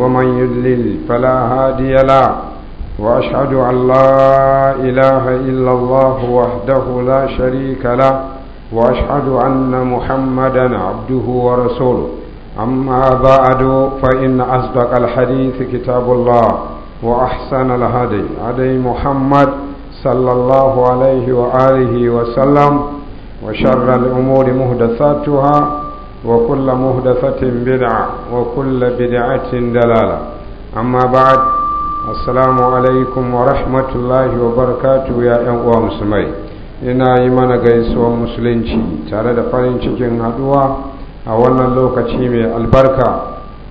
ومن يدلل فلا هادي له وأشهد أن لا إله إلا الله وحده لا شريك له وأشهد أن محمدا عبده ورسوله أما بعد فإن أصدق الحديث كتاب الله وأحسن الهدي هدي محمد صلى الله عليه وآله وسلم وشر الأمور مهدثاتها وكل مهدفة بدعة وكل بدعة دلالة أما بعد السلام عليكم ورحمة الله وبركاته يا أنواع مسلمين ina yi mana gaisuwar musulunci tare da farin cikin haɗuwa a wannan lokaci mai albarka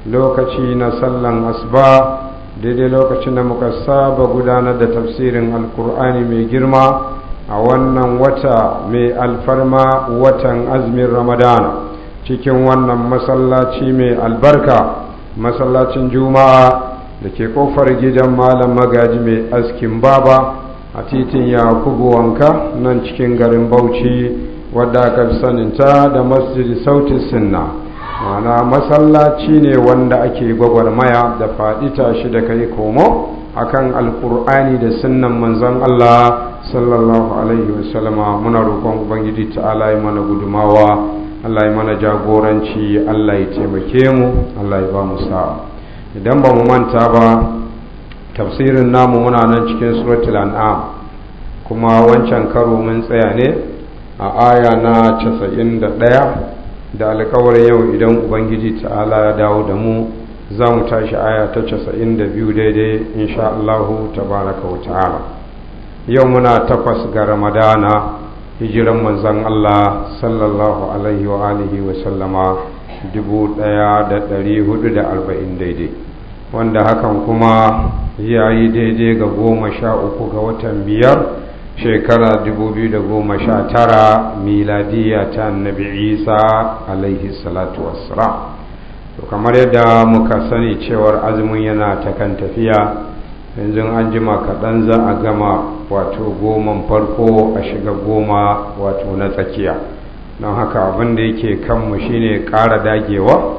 lokaci na sallan asba daidai lokaci na muka saba gudanar da tafsirin alkur'ani mai girma a wannan wata mai alfarma watan azumin ramadana cikin wannan masallaci mai albarka masallacin juma'a da ke kofar gidan malam magaji mai askin baba a titin yakubu wanka nan cikin garin bauchi wadda aka saninta da masjidi sautin sinna mana masallaci ne wanda ake gwagwarmaya da faɗi shi da kai komo akan alkur'ani da sunnan manzon Allah sallallahu alaihi wasallama muna roƙon ubangiji ta'ala yi mana gudumawa Allah ya mana jagoranci Allah ya taimake mu Allah ya ba mu sa'a idan ba mu manta ba tafsirin namu muna nan cikin suratul an'am kuma wancan karo mun tsaya ne a aya na casa'in da ɗaya, da alƙawarin yau idan ubangiji ta'ala ya dawo da mu za mu tashi aya ta casa'in da biyu daidai insha Allah tabaraka wa ta'ala yau muna takwas ga ramadana hijiran manzan Allah sallallahu alaihi wa alihi wa sallama dubu ɗaya da ɗari hudu da arba'in daidai wanda hakan kuma ya yi daidai ga goma sha uku ga watan biyar shekara dubu biyu da goma sha tara miladiyya ta annabi isa alaihi salatu wassalam to kamar yadda muka sani cewar azumin yana ta kan tafiya yanzu an ji kaɗan za a gama wato goman farko a shiga goma wato na tsakiya don haka abin da yake kanmu shine ƙara dagewa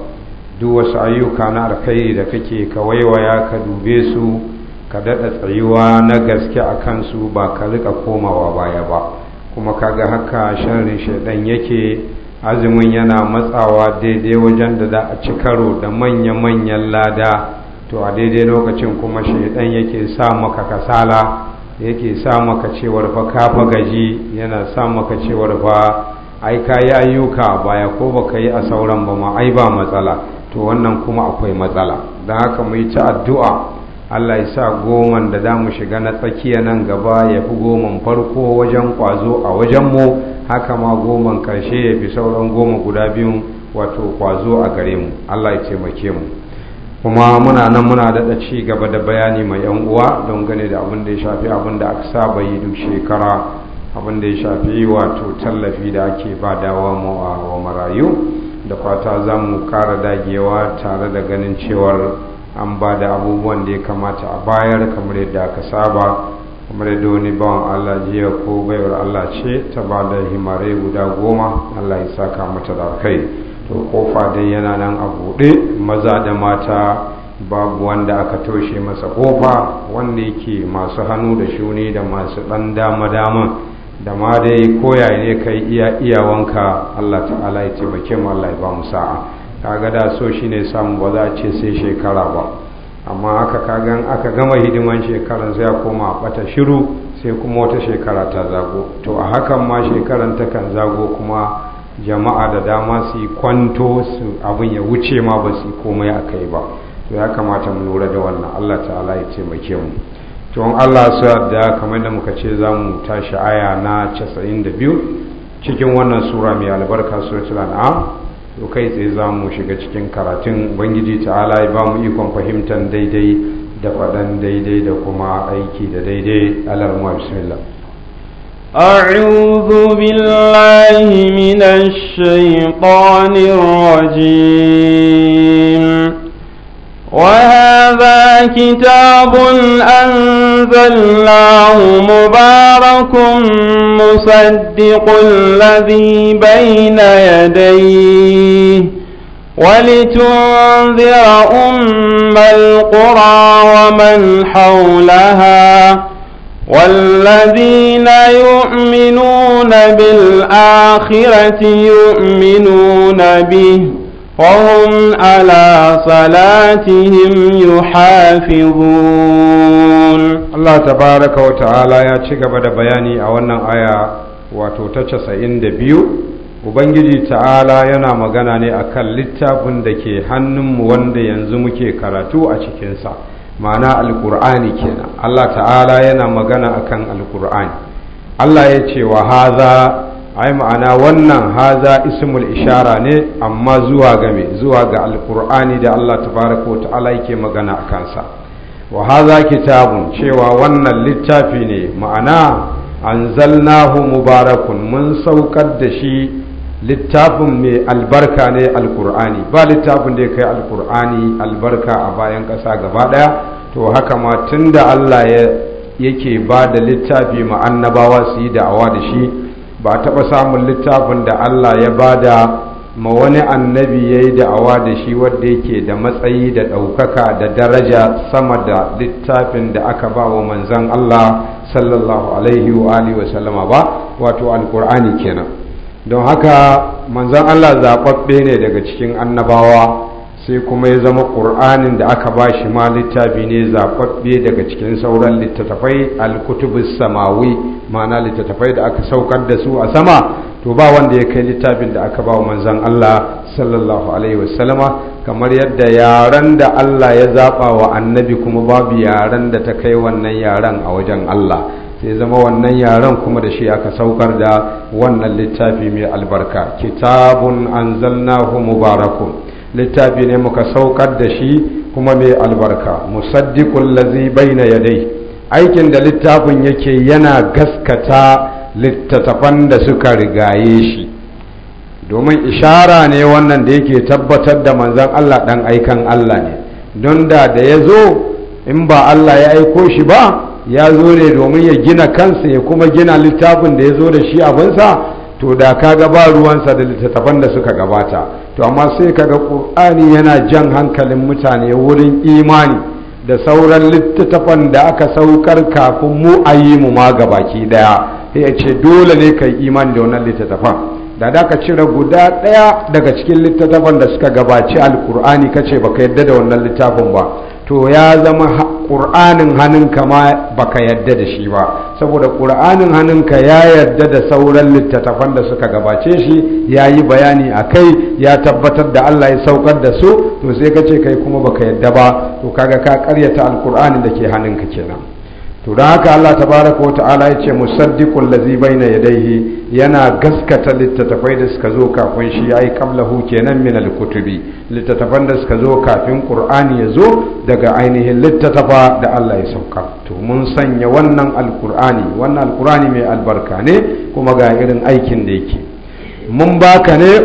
duk wasu ayyuka na alkhairi da kake ka waiwaya ka dube su ka daɗa tsayuwa na gaske a kansu ba ka rika komawa baya ba kuma kaga haka sharrin shaidan yake azumin yana matsawa daidai wajen da za a ci karo da manya-manyan lada to a daidai lokacin kuma shaidan yake sa maka kasala yake sa maka cewar fa kafa gaji yana sa maka cewar fa ai ka yi ayyuka baya ko ba ka yi a sauran ba ma ai ba matsala to wannan kuma akwai matsala don haka mu yi ta addu'a Allah ya sa goman da za mu shiga na tsakiya nan gaba ya fi goman farko wajen kwazo a wajenmu haka ma goman karshe ya fi sauran goma guda biyun wato kwazo a gare mu Allah ya taimake mu kuma muna nan muna daɗa ci gaba da bayani mai yan uwa don gane da abin da ya shafi abin da aka saba yi duk shekara abin da ya shafi wato tallafi da ake ba dawa wa marayu da fata za mu kara dagewa tare da ganin cewar an ba da abubuwan da ya kamata a bayar kamar yadda aka saba kamar yadda wani bawan Allah jiya ko baiwar Allah ce ta ba da himarai guda goma Allah ya saka mata da kai to kofa dai yana nan a buɗe maza da mata babu wanda aka toshe masa kofa wanda yake masu hannu da shuni da masu ɗan dama-dama da ma dai koya ne kai iya iyawanka Allah ta'ala ya ce mu Allah ya ba mu sa'a kaga da so shine samu ba za a ce sai shekara ba amma aka kagan aka gama hidiman shekaran sai ya koma a bata shiru sai kuma wata shekara ta zago to a hakan ma shekaran ta kan zago kuma jama'a da dama su yi kwanto su abin ya wuce ma ba su yi komai a kai ba to ya kamata mu lura da wannan allah ta'ala ya taimake mu to in allah su yadda kamar da muka ce za mu tashi aya na 92 cikin wannan sura mai albarka suratul an'am to kai tsaye za mu shiga cikin karatun ubangiji ta'ala ya ba mu ikon fahimtar daidai da faɗan daidai da kuma aiki da daidai alarma bismillah أعوذ بالله من الشيطان الرجيم وهذا كتاب أنزلناه مبارك مصدق الذي بين يديه ولتنذر أم القرى ومن حولها والذين يؤمنون بالآخرة يؤمنون به وهم على صلاتهم يحافظون الله تبارك وتعالى يا شيخ بدا بياني أولا آية وتوتشس عند بيو Ubangiji ta'ala yana magana ne akan littafin da ke hannunmu wanda yanzu muke karatu a cikinsa. ma'ana alkur'ani kenan Allah ta'ala yana magana akan alkur'ani Allah ya ce wa haza ai ma'ana wannan haza ismul ishara ne amma zuwa ga me zuwa ga alkur'ani da Allah tabaraka wa ta'ala yake magana a kansa wa haza kitabun cewa wannan littafi ne ma'ana anzalnahu mubarakun mun saukar da shi littafin mai albarka ne alkur'ani ba littafin da ya kai alkur'ani albarka a bayan ƙasa gaba ɗaya to haka ma tun da allah yake ba da littafi ma annabawa su yi da'awa da shi ba a taɓa samun littafin da allah ya ba da ma wani annabi ya yi da'awa da shi wadda yake da matsayi da ɗaukaka da daraja sama da littafin da aka ba wa manzan allah sallallahu alaihi wa ba wato alkur'ani kenan don haka manzon Allah zaɓaɓɓe ne daga cikin annabawa sai kuma ya zama ƙur'anin da aka ba shi ma littafi ne zaɓaɓɓe daga cikin sauran littattafai alkutubus samawi ma'ana littattafai da aka saukar da su a sama to ba wanda ya kai littafin da aka ba wa manzon Allah sallallahu alaihi wasallama kamar yadda yaran da Allah ya zaɓa wa annabi kuma babu yaran da ta kai wannan yaran a wajen Allah sai zama wannan yaren kuma da shi aka saukar da wannan littafi mai albarka kitabun anzalnahu mubarakun littafi ne muka saukar da shi kuma mai albarka musaddiqul lazi baina yadai aikin da littafin yake yana gaskata littattafan da suka rigaye shi domin ishara ne wannan da yake tabbatar da manzan Allah dan aikan Allah ne don da da ya zo in ba Allah ya aiko shi ba ya zo ne domin ya gina kansa ya kuma gina littafin da ya zo da shi abinsa to da kaga ba ruwansa da littattafan da suka gabata to amma sai kaga ƙur'ani yana jan hankalin mutane wurin imani da sauran littattafan da aka saukar kafin mu a yi mu ma ki daya sai ya ce dole ne ka yi imani da wannan littattafan da da ka cire guda ɗaya daga cikin littattafan da suka gabaci alkur'ani ka ce baka yadda da wannan littafin ba to ya zama ƙur'anin hannunka ma baka yadda da shi ba saboda ƙur'anin hannunka ya yadda da sauran littattafan da suka gabace shi ya yi bayani a kai ya tabbatar da Allah ya saukar da su to sai ka ce kai kuma baka yadda ba to kaga ka karyata alƙur'anin da ke hannunka kenan to don haka Allah tabaraka wa ta'ala ya ce musaddiqul ladzi baina yadayhi yana gaskata littattafai da suka zo kafin shi ai qablahu kenan min alkutubi littattafan da suka zo kafin qur'ani ya zo daga ainihin littattafa da Allah ya sauka to mun sanya wannan alkur'ani wannan alkur'ani mai albarka ne kuma ga irin aikin da yake mun baka ne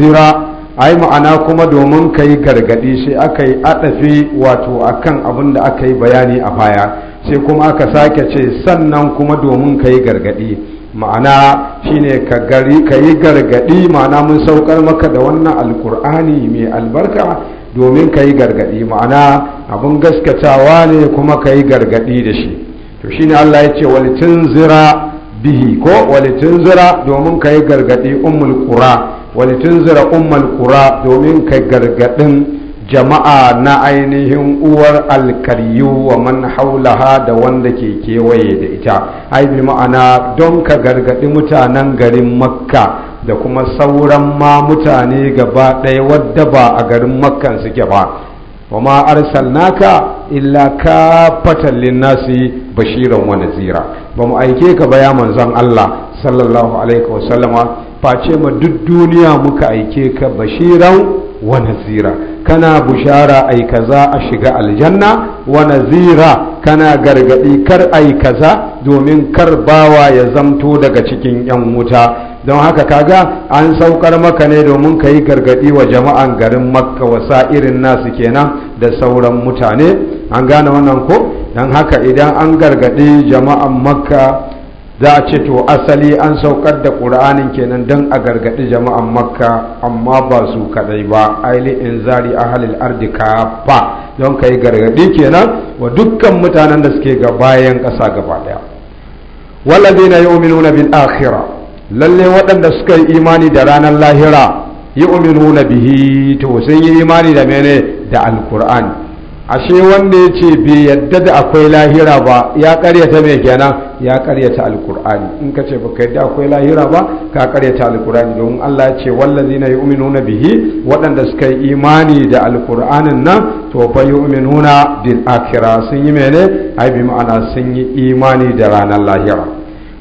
zira ai ma'ana kuma domin kai gargadi sai aka yi adafi wato akan abin da aka yi bayani a baya sai kuma aka sake ce sannan kuma domin ka yi gargaɗi ma'ana shine ka yi gargaɗi ma'ana mun saukar maka da wannan alkur'ani mai albarka domin ka yi gargaɗi ma'ana abin gaskatawa ne kuma ka yi gargaɗi da shi to shine allah ya ce walitin zira bihi ko walitin zira domin ka yi gargaɗi umul kura walitin zira umul kura domin ka gargaɗin jama'a na ainihin uwar alkaryu wa man haulaha da wanda ke kewaye da ita ai bi ma'ana don ka gargaɗi mutanen garin makka da kuma sauran ma mutane gaba ɗaya wadda ba a garin makkan suke ba wa ma arsalnaka illa ka fatallin nasi bashiran wa nazira ba mu aike ka ba ya manzon Allah sallallahu alaihi wasallama face ma duk duniya muka aike ka bashiran wa nazira kana bushara ai kaza a shiga aljanna wa nazira kana gargadi kar ai kaza domin kar bawa ya zamto daga cikin yan wuta don haka kaga an saukar maka ne domin ka yi gargadi wa jama'an garin makka wasa irin nasu kenan da sauran mutane an gane wannan ko don haka idan an gargadi jama'an makka za a ce to asali an saukar da ƙur'ani kenan don a gargaɗi jama'a makka amma ba su kadai ba aili in zari halin ardika ba don ka yi gargaɗi kenan wa dukkan mutanen da suke ga bayan ƙasa gaba ɗaya wallazina yu'minuna bil akhirah lalle waɗanda suka yi imani da ranar lahira yi yu'minuna bihi to sun yi imani da mene da alqur'ani ashe wanda ya ce bai yadda da akwai lahira ba ya karyata mai kenan ya karyata alkur'ani in ka ce ka yadda akwai lahira ba ka karyata alkur'ani domin Allah ya ce yi na bihi waɗanda suka yi imani da alkur'anin nan to fa uminuna bil akira sun yi mene ai bi ma'ana sun yi imani da ranar lahira na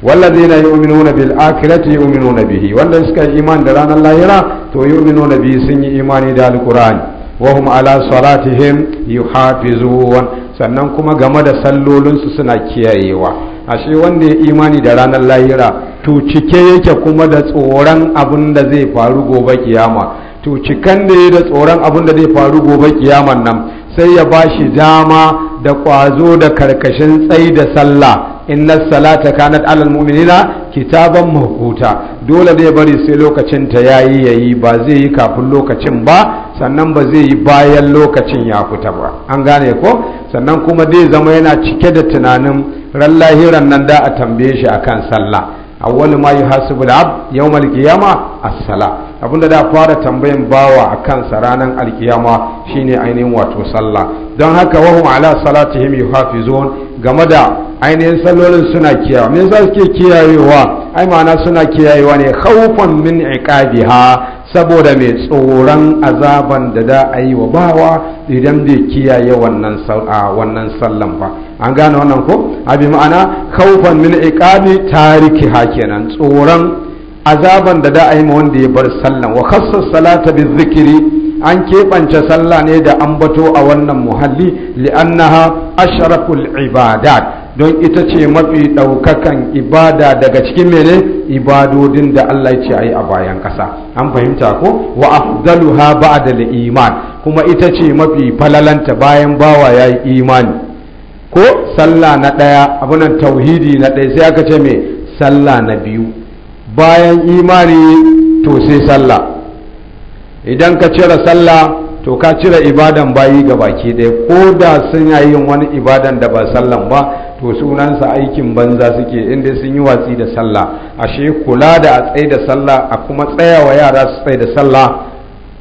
wallazina yu'minuna bil akhirati yu'minuna bihi wanda suka yi imani da ranar lahira to yi yu'minuna bihi sun yi imani da alkur'ani wahum ala salatihim yuhafizun sannan kuma game da sallolinsu suna kiyayewa ashe wanda ya imani da ranar lahira to cike yake kuma da tsoron abin da zai faru gobe kiyama to cikan da ya da tsoron abin da zai faru gobe kiyaman nan sai ya ba shi dama da kwazo da karkashin tsayi da sallah inna salata kanat alal mu'minina kitaban mahuta dole zai bari sai lokacin ta yayi yayi ba zai yi kafin lokacin ba sannan ba zai yi bayan lokacin ya fita ba an gane ko sannan kuma zai zama yana cike da tunanin ran lahiran nan da a tambaye shi akan sallah awwalu ma yuhasibu al-abd yawm al-qiyamah as-salah abinda da fara tambayin bawa a kansa ranar alkiyama shine ainihin wato sallah don haka wahun ala salatihim yuhafizun game da ainihin sallolin suna kiyawa me yasa suke kiyayewa ai ma'ana suna kiyayewa ne khawfan min ha saboda mai tsoron azaban da da a yi wa bawa idan bai kiyaye wannan sallan ba an gane wannan ko abi ma'ana khawfan min iqabi tariki kenan tsoron azaban da da a yi ma wanda ya bar sallan wa khassa salata bi zikiri an keɓance sallah ne da ambato a wannan muhalli li'annaha ashraful ibadat don ita ce mafi ɗaukakan ibada daga cikin mene ibadodin da Allah ya ce a yi a bayan ƙasa an fahimta ko wa afdaluha ba'da iman kuma ita ce mafi falalanta bayan bawa ya yi imani ko sallah na ɗaya abunan tauhidi na ɗaya sai aka ce me sallah na biyu bayan imani to sai sallah idan ka cire sallah to ka cire ibadan bayi ga baki ɗaya ko da sun yin wani ibadan da ba sallan ba to sunansa aikin banza suke inda sun yi watsi da sallah ashe kula da a tsaye da sallah a kuma tsayawa yara su tsaye da sallah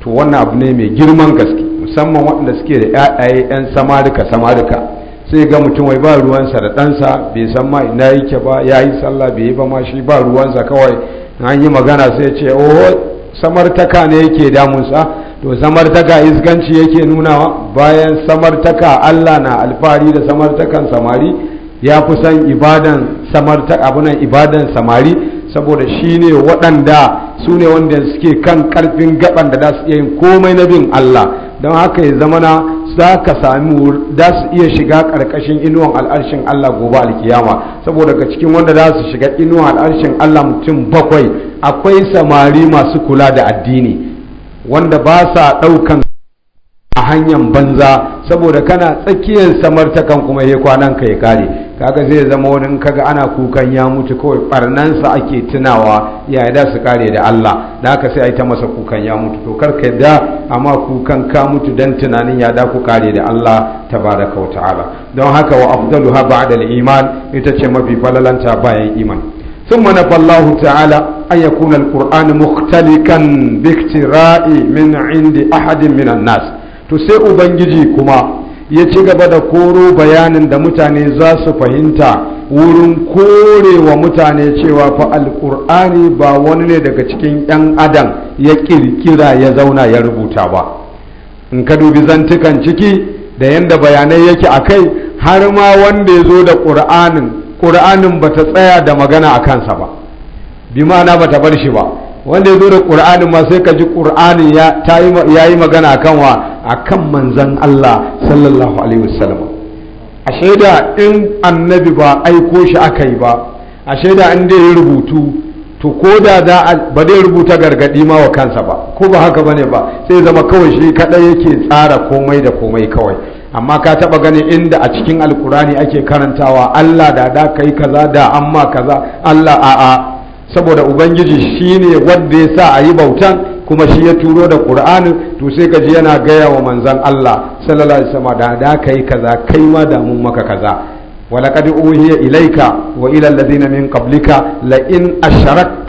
to wannan abu ne mai girman gaske musamman waɗanda suke da 'ya'yaye 'yan samarika samarika sai ga mutum wai ba ruwansa da ɗansa bai san ma ina yake ba ya yi sallah bai yi ba ma shi ba ruwansa kawai an yi magana sai ce oho samartaka ne yake damunsa to samartaka isganci yake nunawa bayan samartaka allah na alfahari da samartakan samari ya fi san ibadan samartaka abunan ibadan samari saboda shi ne waɗanda su ne wanda suke kan ƙarfin gaban da za su iya yin komai na bin allah don haka ya zamana za ka sami da su iya shiga ƙarƙashin inuwan al'arshin Allah gobe alkiyama saboda ga cikin wanda za su shiga inuwan al'arshin Allah mutum bakwai akwai samari masu kula da addini wanda ba sa ɗaukan a hanyar banza saboda kana tsakiyar samartakan kuma ya kwanan ka ya kare kaga zai zama wani kaga ana kukan ya mutu kawai barnansa ake tunawa ya da su kare da Allah da aka sai a yi ta masa kukan ya mutu to kar ka da amma kukan ka mutu dan tunanin ya da ku kare da Allah tabaraka wa ta'ala don haka wa afdaluha ba'da al-iman ita ce mafi falalanta bayan iman ثم نفى الله تعالى أن يكون القرآن مختلقا باختراء من عند أحد nas to sai ubangiji kuma. ya ci gaba da koro bayanin da mutane za su fahimta wurin korewa mutane cewa fa alkur'ani ba wani ne daga cikin 'yan adam ya ƙirƙira ya zauna ya rubuta ba in ka dubi zantukan ciki da yadda bayanai yake a kai har ma wanda ya zo da ƙur'anin ƙur'anin ba ta tsaya da magana a kansa ba bi ma'ana ba ta bar shi ba wanda ya zo da ƙur'anin ma sai ka ji ƙur'anin ya yi magana a kanwa. wa kan manzan Allah sallallahu alaihi wasallam a shaida in annabi ba aiko shi aka yi ba a shaida in dai ya rubutu to ko da za a ba dai rubuta gargadi ma wa kansa ba ko ba haka bane ba sai zama kawai shi kaɗai yake tsara komai da komai kawai amma ka taba ganin inda a cikin alkurani ake karantawa Allah da da kai kaza da amma kaza Allah a'a saboda ubangiji shine wanda ya sa a yi bautan kuma shi ya turo da ƙur'ani to sai ka ji yana gaya wa manzan Allah sallallahu alaihi wasallam da da kai kaza kai ma da maka kaza ولقد ilaika إليك وإلى الذين من قبلك لئن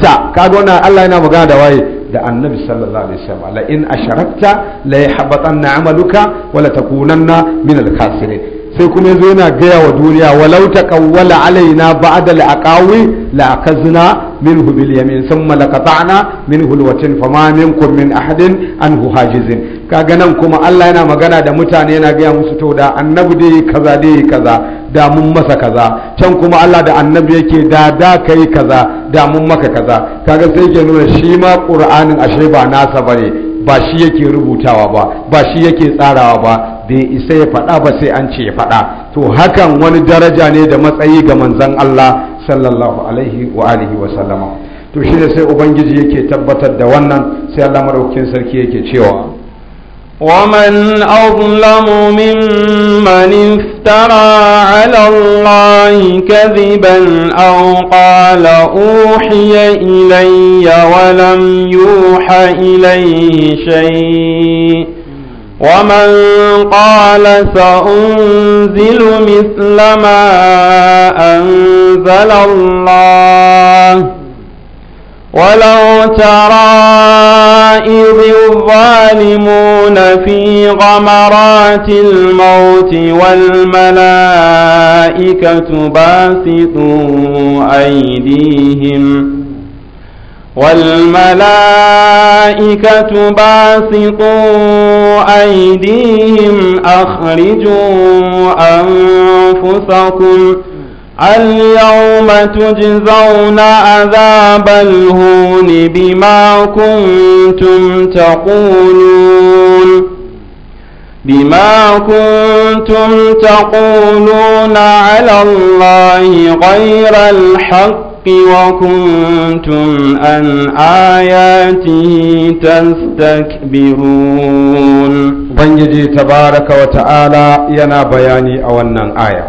ka ga wannan allah yana buga da waye da annabi sallallahu alaihi wasallam la in asharakta la yahbatanna amaluka wa la takunanna min al-khasirin sai kuma yazo yana gaya wa duniya walau ta kawwala alaina ba'da al-aqawi la kazna minhu bil yamin thumma laqata'na minhu al-watin fama minkum min ahadin anhu hajizin kaga nan kuma Allah yana magana da mutane yana gaya musu to da annabi dai kaza dai kaza da mun masa kaza can kuma Allah da annabi yake da da kai kaza da mun maka kaza kaga sai ke nuna shi ma qur'anin ashe ba nasa bane ba shi yake rubutawa ba ba shi yake tsarawa ba bai isa ya faɗa ba sai an ce ya faɗa to hakan wani daraja ne da matsayi ga manzan Allah sallallahu alaihi wa alihi wa sallama to shi ne sai ubangiji yake tabbatar da wannan sai Allah madaukakin sarki yake cewa ومن أظلم ممن افترى على الله كذبا أو قال أوحي إلي ولم يوحى إليه شيء ومن قال سأنزل مثل ما أنزل الله ولو ترى إذ الظالمون في غمرات الموت والملائكة باسطوا أيديهم والملائكة باسطوا أيديهم أخرجوا أنفسكم اليوم تجزون عذاب الهون بما كنتم تقولون بما كنتم تقولون على الله غير الحق الحق وكنتم عن آياته تستكبرون بنجي تبارك وتعالى ينا بياني أو آية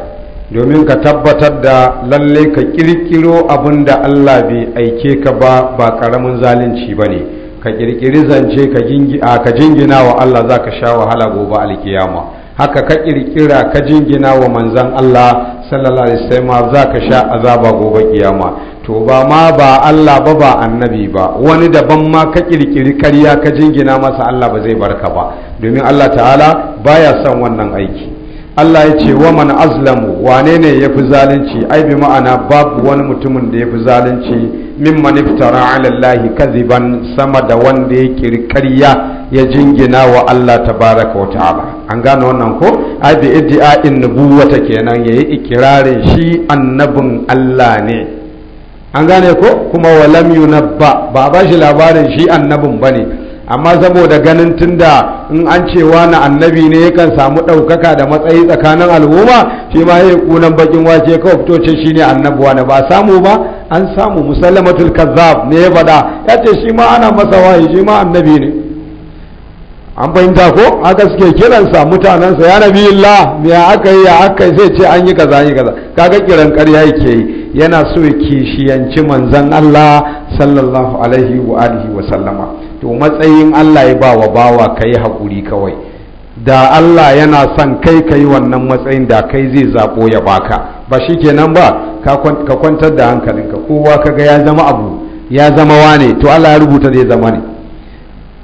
domin ka tabbatar da lalle ka kirkiro abin da Allah bai aike ka ba ba karamin zalunci ba ne ka kirkiri zance ka jingina wa Allah za ka sha wahala gobe alkiyama haka ka kirkira ka jingina wa manzan Allah sallallahu alaihi wasallam za ka sha azaba gobe kiyama to ba ma ba Allah ba ba annabi ba wani daban ma ka kirkiri karya ka jingina masa Allah ba zai barka ba domin Allah ta'ala baya son wannan aiki Allah ya ce wa man azlamu wane ne ya fi zalunci ai bi ma'ana babu wani mutumin da ya fi zalunci mimman iftara ala Allah kaziban sama da wanda ya kirkariya ya jingina wa Allah tabaraka wa ta'ala an gane wannan ko ai bi iddia in nubuwata kenan yayi ikirarin shi annabin Allah ne an gane ko kuma walam yunabba ba ba shi labarin shi annabin bane amma saboda ganin tunda in an ce wani annabi ne yakan samu ɗaukaka da matsayi tsakanin al'umma shi ma yayi kunan bakin wace kawai fito ce ne annabi wani ba samu ba an samu musallamatul kazzab ne ya faɗa yace ce shi ma ana masa wahayi shi ma annabi ne an fahimta ko haka suke kiransa mutanensa ya nabi Allah me aka yi ya aka zai ce an yi kaza an yi kaza kaga kiran ƙarya yake yi yana so ya kishiyanci manzon Allah sallallahu alaihi wa alihi wa sallama to matsayin Allah ya bawa bawa kai hakuri kawai da Allah yana son kai kai wannan matsayin da kai zai zabo ya baka ba shikenan ba ka kwantar da hankalinka kowa kaga ya zama abu ya zama wane to Allah ya rubuta zai zama ne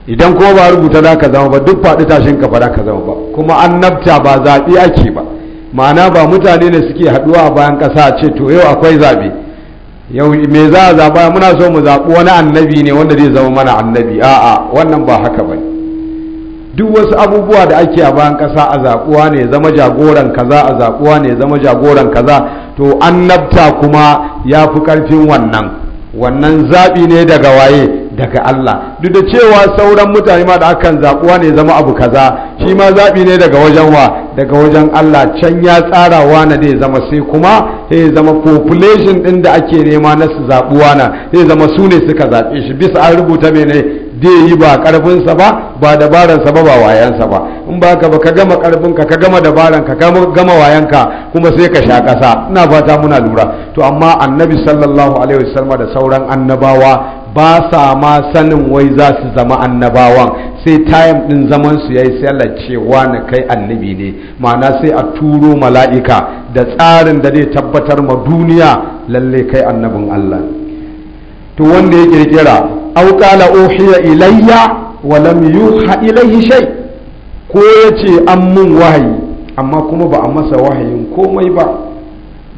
idan ko ba rubuta za ka zama ba duk faɗi tashin ka ba ka zama ba kuma annabta ba zaɓi ake ba ma'ana ba mutane ne suke haɗuwa a bayan ƙasa ce to yau akwai zaɓe yau me za a zaɓa muna so mu zaɓi wani annabi ne wanda zai zama mana annabi a'a wannan ba haka ba duk wasu abubuwa da ake a bayan ƙasa a zaɓuwa ne zama jagoran kaza a zaɓuwa ne zama jagoran kaza to annabta kuma ya fi ƙarfin wannan wannan zaɓi ne daga waye daga Allah duk da cewa sauran mutane ma da akan zaɓuwa ne zama abu kaza shi ma zaɓi ne daga wajen wa daga wajen Allah can ya tsara wa da zama sai kuma sai zama population ɗin da ake nema na su zaɓuwa na sai zama su ne suka zaɓe shi bisa an rubuta ne zai yi ba sa ba ba dabaransa ba ba sa ba in ba ka ba ka gama karfin ka ka gama dabaranka ka gama ka kuma sai ka sha kasa ina fata muna lura to amma annabi sallallahu alaihi wasallam da sauran annabawa ba sa ma sanin wai za su zama annabawan sai tayim din zaman su yayi sai Allah cewa na kai annabi ne ma'ana sai a turo mala'ika da tsarin da zai tabbatar ma duniya lalle kai annabin Allah to wanda ya kirkira aw qala uhiya ilayya wa lam yuha ilayhi shay ko yace an mun wahayi amma kuma ba a masa wahayin komai ba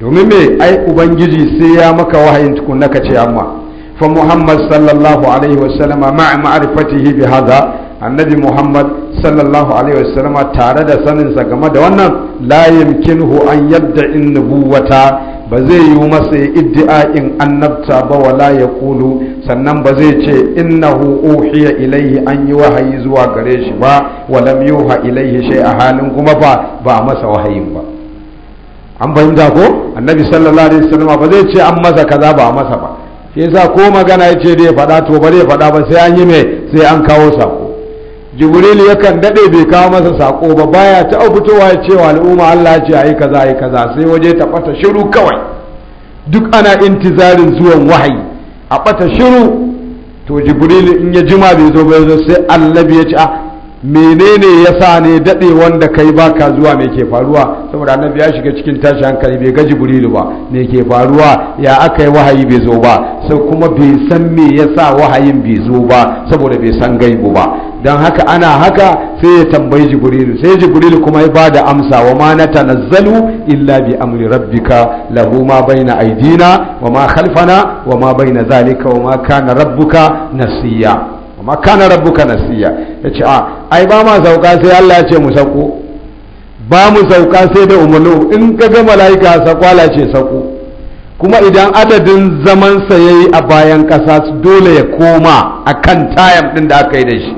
domin me ai ubangiji sai ya maka wahayin tukunna kace ce amma فمحمد صلى الله عليه وسلم مع معرفته بهذا النبي محمد صلى الله عليه وسلم تارد سنن سكما دوانا لا يمكنه أن يدعي النبوة ba zai yi masa iddi'a'in annabta ba wala ya kulu sannan ba zai ce innahu uhiya ilaihi an yi wahayi zuwa gare shi ba walam yuha ilaihi shay a halin kuma ba ba masa wahayin ba an bayyana ko annabi sallallahu alaihi ba zai ce an masa kaza ba masa ba shi yasa ko magana ya da dai faɗa to ya faɗa ba sai an yi mai sai an kawo sako jibril yakan daɗe bai kawo masa sako ba baya ta fitowa ya cewa al'umma Allah ya ce ayi kaza ayi kaza sai waje ta bata shiru kawai duk ana intizarin zuwan wahayi a bata shiru to jibril in ya jima bai zo bai zo sai annabi ya ce a ah, menene ya sa ne daɗe wanda kai ba ka zuwa mai ke faruwa saboda annabi ya shiga cikin tashi hankali bai ga jibrilu ba me ke faruwa ya aka yi wahayi bai zo ba sai kuma bai san me ya sa wahayin bai zo ba saboda bai san gaibu ba don haka ana haka sai ya tambayi jibrilu sai jibrilu kuma ya bada amsa wa ma natanazzalu illa bi amri rabbika lahu ma baina aidina wa ma khalfana wa ma baina zalika wa ma kana rabbuka nasiya ma kana rabbuka nasiya yace a ba ma sauka sai Allah ya ce mu sako ba mu sauka sai da umarni in ka ga mala'ika sakwala ce sako kuma idan adadin zaman sa yayi a bayan ƙasa dole ya koma akan tayam din da aka yi da shi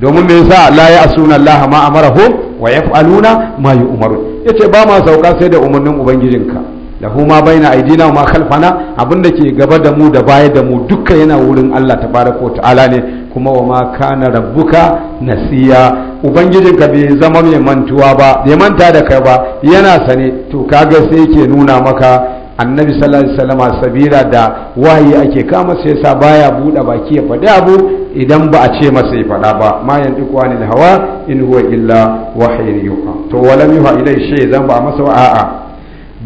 domin me yasa la ya asuna Allah ma amarahum wa yaf'aluna ma yu'maru yace ba ma sauka sai da umarnin ubangijinka lahu ma baina aidina wa ma khalfana abinda ke gaba da mu da baya da mu duka yana wurin Allah tabaraka wa ta'ala ne kuma wa ma kana rabbuka nasiya ka bai zama mai mantuwa ba bai manta da kai ba yana sane to kaga sai yake nuna maka annabi sallallahu alaihi wasallama sabira da wahayi ake kama sai yasa baya bude baki ya faɗi abu idan ba a ce masa ya faɗa ba ma yanzu kuwa ne hawa in huwa illa wahayin yuha to walam yuha ilai shi zan ba masa a'a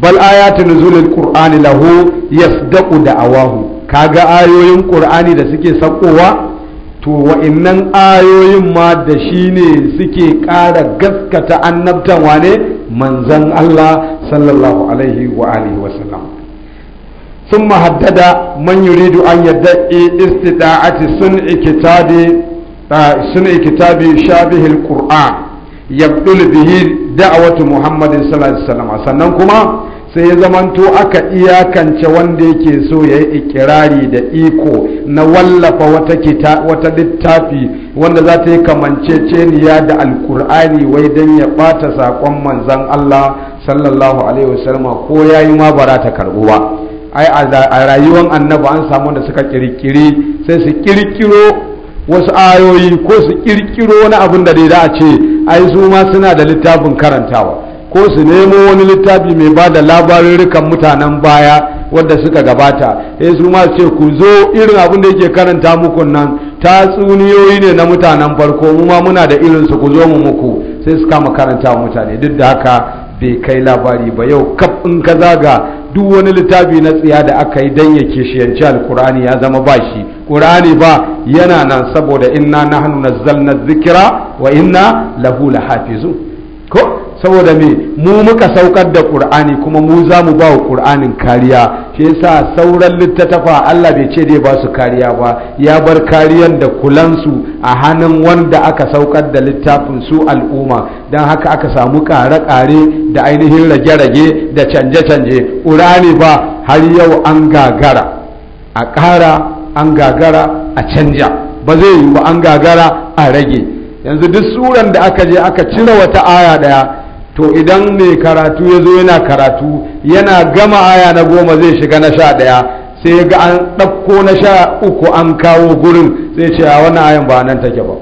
bal ayatu nuzulil qur'ani lahu yasdaqu da'awahu kaga ayoyin qur'ani da suke sakowa to wa'innan ayoyin ma da shi ne suke ƙara gaskata annabtan wane manzan Allah sallallahu alaihi wa alihi wa sallam ثم حدد من يريد أن يدعي استطاعة صنع كتاب صنع كتاب شابه القرآن يبطل به دعوة محمد صلى الله عليه وسلم sannan kuma sai ya zamanto aka iyakance wanda yake so ya yi ikirari da iko na wallafa wata littafi wanda za ta yi kamanceceniya da alkur'ani wai don ya bata saƙon manzan Allah sallallahu alaihi wasallama ko ya yi ma bara ta karɓu ba ai a rayuwar annabi an samu da suka ƙirƙiri sai su ƙirƙiro wasu ayoyi ko su kirkiro wani abin da dai da a ce ai su ma suna da littafin karantawa ko su nemo wani littafi mai ba da labarurrukan mutanen baya wadda suka gabata sai su ma ce ku zo irin abin da yake karanta muku nan tatsuniyoyi ne na mutanen farko mu ma muna da irin su ku zo mu muku sai su kama karanta wa mutane duk da haka bai kai labari ba yau kaf in ka zaga duk wani littafi na tsiya da aka yi dan yake shiyanci alkur'ani ya zama ba shi qur'ani ba yana nan saboda inna nahnu nazzalna zikira wa inna lahu lahafizun ko saboda me mu muka saukar da qur'ani kuma mu za mu ba wa qur'anin kariya shi yasa sauran littattafa Allah bai ce dai ba su kariya ba ya bar kariyan da kulansu a hannun wanda aka saukar da littafin su al'umma dan haka aka samu kare-kare da ainihin rage-rage da canje-canje qur'ani ba har yau an gagara a kara an gagara a canja ba zai yi ba an gagara a rage yanzu duk suran da aka je aka cire wata aya daya to idan mai karatu ya zo yana karatu yana gama aya na goma zai shiga na sha ɗaya sai ga an ɗauko na sha uku an kawo gurin sai ce a wannan ayan ba nan take ba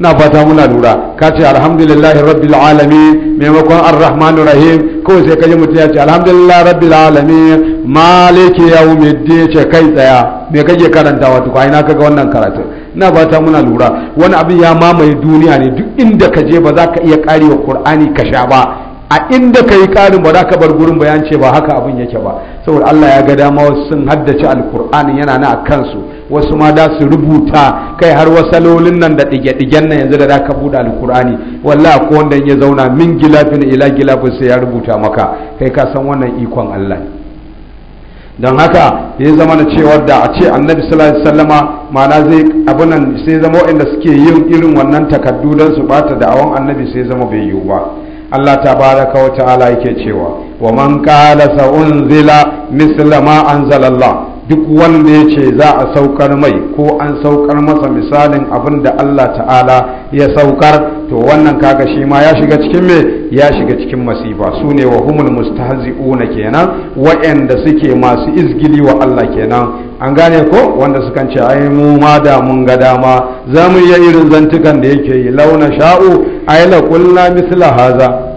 na fata muna lura ka ce alhamdulillah rabbil alamin maimakon arrahmanir rahim kawai sai kaji mutum ya ce alhamdulillahi rabbil alamin maliki yawmiddin ce kai tsaya me kake karantawa to ina na kaga wannan karatu na ba ta muna lura wani abin ya mamaye duniya ne duk inda ka je ba za ka iya karewa kur'ani ka sha ba a inda ka yi karin ba za ka bar gurin bayan ce ba haka abin yake ba saboda Allah ya ga dama wasu sun haddace alkur'ani yana na a kansu wasu ma da su rubuta kai har wasalolin nan da ɗige-ɗigen nan yanzu da za ka buɗe alkur'ani wallahi ko wanda ya zauna min gilafin ila gilafin sai ya rubuta maka kai ka san wannan ikon Allah ne don haka ya zama na cewar da a ce annabi sallallahu alaihi wasallama ma'ana zai abunan sai zama waɗanda suke yin irin wannan takardu don su bata da awon annabi sai zama bai yiwu ba Allah ta tabaraka wa ta'ala yake cewa wa man qala sa unzila misla ma anzalallah duk wanda ya ce za a saukar mai ko an saukar masa misalin abin da Allah ta'ala ya saukar to wannan kaga shi ma ya shiga cikin me ya shiga cikin masifa su ne wa humul mustahzi'una kenan wa'anda suke masu izgili wa Allah kenan an gane ko wanda sukan ce ai mu ma da mun ga dama za mu iya irin zantukan da yake yi launa sha'u ai la kullu misla haza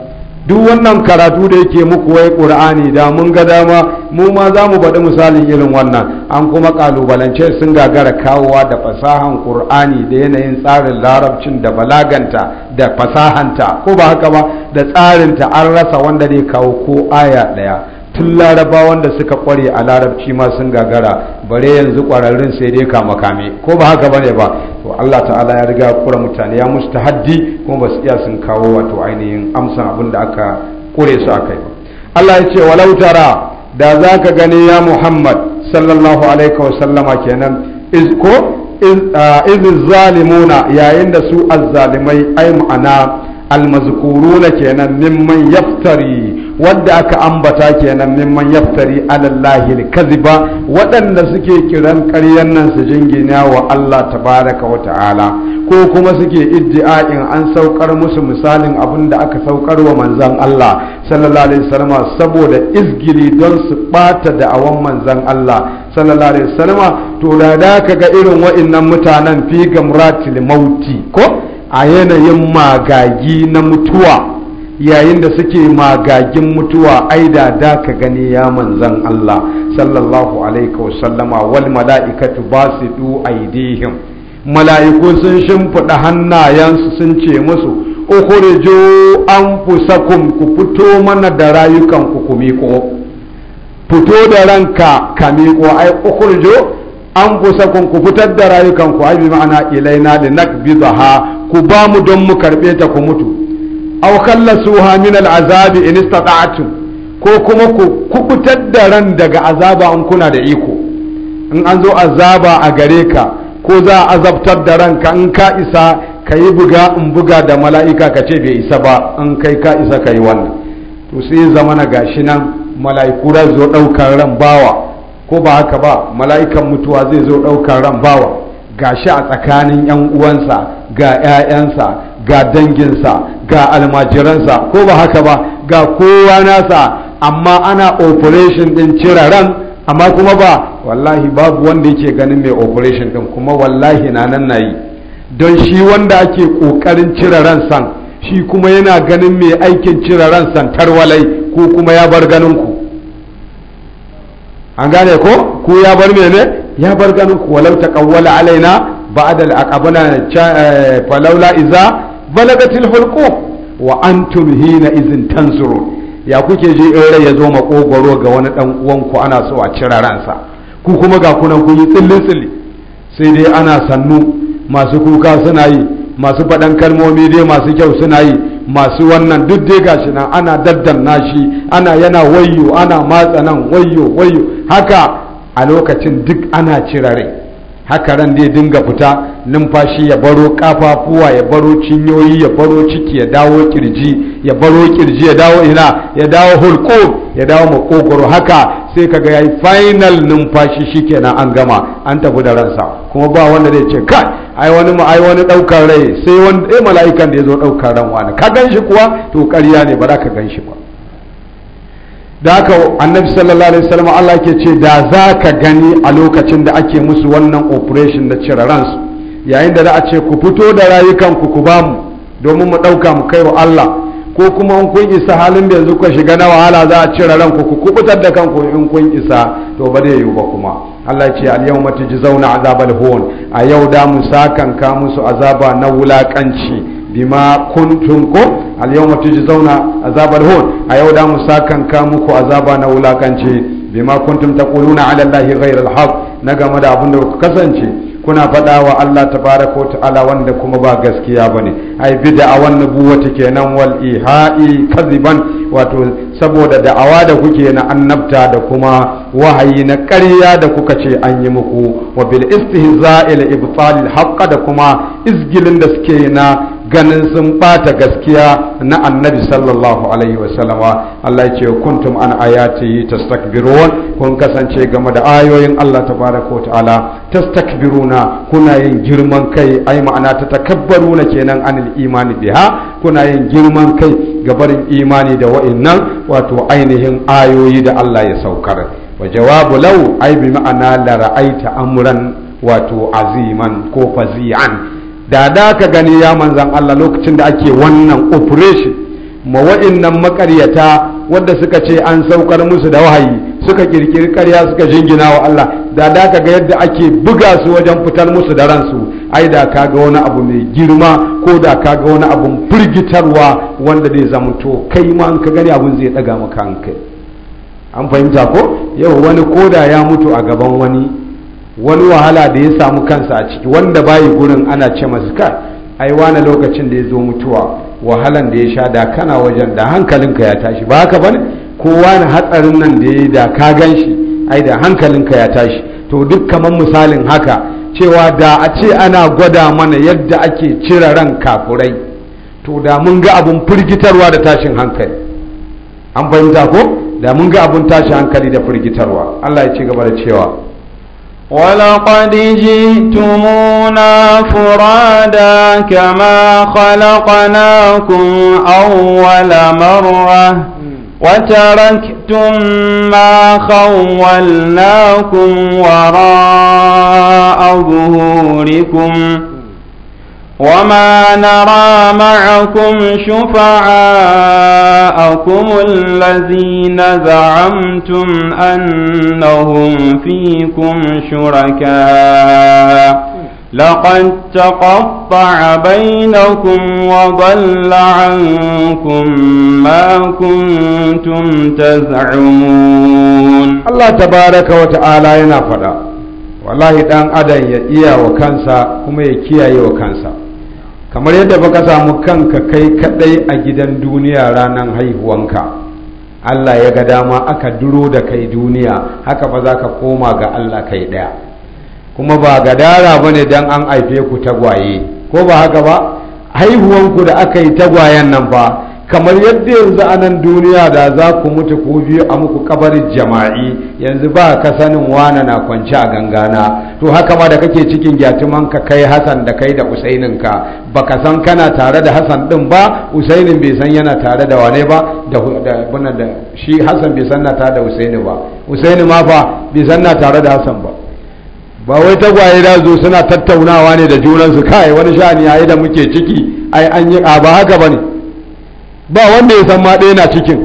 duk wannan karatu da yake muku wai qur'ani da mun ga dama mu ma za mu baɗi misalin irin wannan an kuma kalubalance sun gagara kawowa da fasahan qur'ani da yanayin tsarin larabcin da balaganta da fasahanta ko ba haka ba da tsarin ta an rasa wanda zai kawo ko aya daya. tun larabawan da suka kware a larabci ma sun gagara bare yanzu kwararrun sai dai kama kame ko ba haka bane ba to Allah ta'ala ya riga kura mutane ya musu tahaddi kuma ba su iya sun kawo wato ainihin amsa abin da aka kure su akai ba Allah ya ce walau tara da za ka gani ya Muhammad sallallahu alaihi wa sallama kenan iz ko iz zalimuna yayin da su azzalimai ai ma'ana almazkuruna kenan mimman yaftari wanda aka ambata kenan mimman yaftari alallahi kaziba waɗanda suke kiran ƙaryan nan su jingina wa Allah tabaraka wa ta'ala ko kuma suke iddi'a'in an saukar musu misalin abin da aka saukar wa manzan Allah sallallahu alaihi wasallam saboda izgili don su ɓata awan manzan Allah sallallahu alaihi wasallam to da da ka irin wa'annan mutanen fi gamratil mauti ko a yanayin magagi na mutuwa yayin da suke magagin mutuwa ai da da ka gani ya manzan Allah sallallahu alaihi wasallama wal mala'ikatu basidu aidihim mala'iku sun shimfida hannayensu sun ce musu ukhrijo fusakum ku fito mana da rayukan ku ku miko fito da ranka ka miko ai ukhrijo fusakum ku fitar da rayukan ku ai bi ma'ana ilaina linakbidaha ku ba mu don mu karɓe ta ku mutu aw khallasuha min al'azabi in istata'tum ko kuma ku kubutar da ran daga azaba in kuna da iko in an zo azaba a gare ka ko za a azabtar da ranka in ka isa ka yi buga in buga da mala'ika ka ce bai isa ba in kai ka isa ka yi wannan to sai zama gashi nan mala'iku ran zo ɗaukar ran bawa ko ba haka ba mala'ikan mutuwa zai zo ɗaukar ran bawa gashi a tsakanin 'yan uwansa ga 'ya'yansa ga danginsa ga almajiransa ko ba haka ba ga kowa nasa amma ana operation din cire ran amma kuma ba wallahi babu wanda yake ganin mai operation din kuma wallahi na nan nayi don shi wanda ake kokarin cire ran san shi kuma yana ganin mai aikin cire ran san tarwalai ko kuma ya bar ganin ku an gane ko ko ya bar me ne ya bar ganin ku walau ta kawwala alaina ba'dal al-aqabana eh, falaula iza balagatil hulqum wa antum hina izin tanzuru ya kuke je in ya zo makogoro ga wani dan uwanku ana so a cira ransa ku kuma ga kunan kun yi tsillin tsilli sai dai ana sannu masu kuka suna yi masu faɗan kalmomi dai masu kyau suna yi masu wannan duk dai gashi nan ana daddanna shi ana yana wayyo ana matsa nan wayyo wayyo haka a lokacin duk ana cire haka ran dai dinga fita numfashi ya baro kafafuwa ya baro cinyoyi ya baro ciki ya dawo kirji ya baro kirji ya dawo ina ya dawo hulko ya dawo makogoro haka sai kaga yayi final numfashi shikenan an gama an tafi da ransa kuma ba wanda zai ce kai ai wani ma ai wani daukar rai sai wani eh mala'ikan da yazo daukar ran wani ka ganshi kuwa to ƙarya ne ba za ka ganshi ba da haka annabi sallallahu alaihi wasallam Allah ke ce da za ka gani a lokacin da ake musu wannan operation da cire ransu yayin da za a ce ku fito da rayukanku ku ba mu domin mu ɗauka mu kai wa Allah ko kuma in kun isa halin da yanzu ku shiga na wahala za a cire ranku ku kubutar da kanku in kun isa to ba zai yiwu ba kuma Allah ce al yawma tujzauna azabal hun a yau da mu sakanka musu azaba na wulakanci bima kuntum ko al yawma tujzauna azabal hun a yau da mu sakanka muku azaba na wulakanci bima kuntum taquluna na allahi ghayra alhaq na game da abin da ku kasance kuna faɗa wa Allah tabaraka wa ta'ala wanda kuma ba gaskiya bane ai bid'awan ke kenan wal iha'i kaziban wato saboda da'awa da kuke na annabta da kuma wahayi na ƙarya da kuka ce an yi muku wa bil istihza'il ibtal haqq da kuma izgilin da suke na ganin sun bata gaskiya na annabi sallallahu alaihi wasallama Allah ce kuntum an ayati tastakbirun kun kasance game da ayoyin Allah tabaraka ta'ala tastakbiruna kuna yin girman kai ai ma'ana ta takabbaruna kenan anil imani biha kuna yin girman kai gabarin imani da wa'innan wato ainihin ayoyi da Allah ya saukar wa jawabu lau ai bi ma'ana la ra'aita amran wato aziman ko fazi'an da da ka gani ya manzan Allah lokacin da ake wannan operation ma wa'innan makaryata wadda suka ce an saukar musu da wahayi suka kirkiri karya suka jingina wa Allah da da ka ga yadda ake buga su wajen fitar musu da ransu ai da ka ga wani abu mai girma ko da ka ga wani abu firgitarwa wanda zai zamanto kai ma ka gani abun zai daga maka hankali an fahimta ko yau wani koda ya mutu a gaban wani wani wahala da ya samu kansa a ciki wanda bayi gurin ana ce masu a ai wani lokacin da ya zo mutuwa wahalan da ya sha da kana wajen da hankalinka ya tashi ba haka bane ko wani hatsarin nan da ya yi da ka gan shi ai da hankalinka ya tashi to duk kamar misalin haka cewa da a ce ana gwada mana yadda ake cire ran kafurai to da mun ga abun firgitarwa da tashin hankali an fahimta ko da mun ga abun tashin hankali da firgitarwa Allah ya ci gaba da cewa ولقد جئتمونا فرادا كما خلقناكم أول مرة وتركتم ما خولناكم وراء ظهوركم وما نرى معكم شفعاءكم الذين زعمتم أنهم فيكم شركاء لقد تقطع بينكم وضل عنكم ما كنتم تزعمون الله تبارك وتعالى ينفر والله دان أدن يئيا وكنسا كما يكيا وكنسا kamar yadda baka samu kanka kai kadai a gidan duniya ranar haihuwanka Allah ya ga dama aka duro da kai duniya haka ba za ka koma ga Allah kai daya kuma ba gadara ba ne don an haife ku tagwaye ko ba haka ba haihuwanku da aka yi tagwayen nan ba kamar yadda yanzu a nan duniya da za ku mutu ku biyu a muku kabarin jama'i yanzu ba ka sanin wana na kwanci a gangana to haka ma da kake cikin gyatuman ka kai hasan da kai da usainin ka baka san kana tare da hasan din ba usainin bai san yana tare da wane ba da bana da shi hasan bai san na tare da usaini ba usaini ma fa bai san na tare da hasan ba ba wai tagwaye da zo suna tattaunawa ne da junansu kai wani sha'ani yayi da muke ciki ai an yi ba haka bane ba wanda ya san ma ɗaya na cikin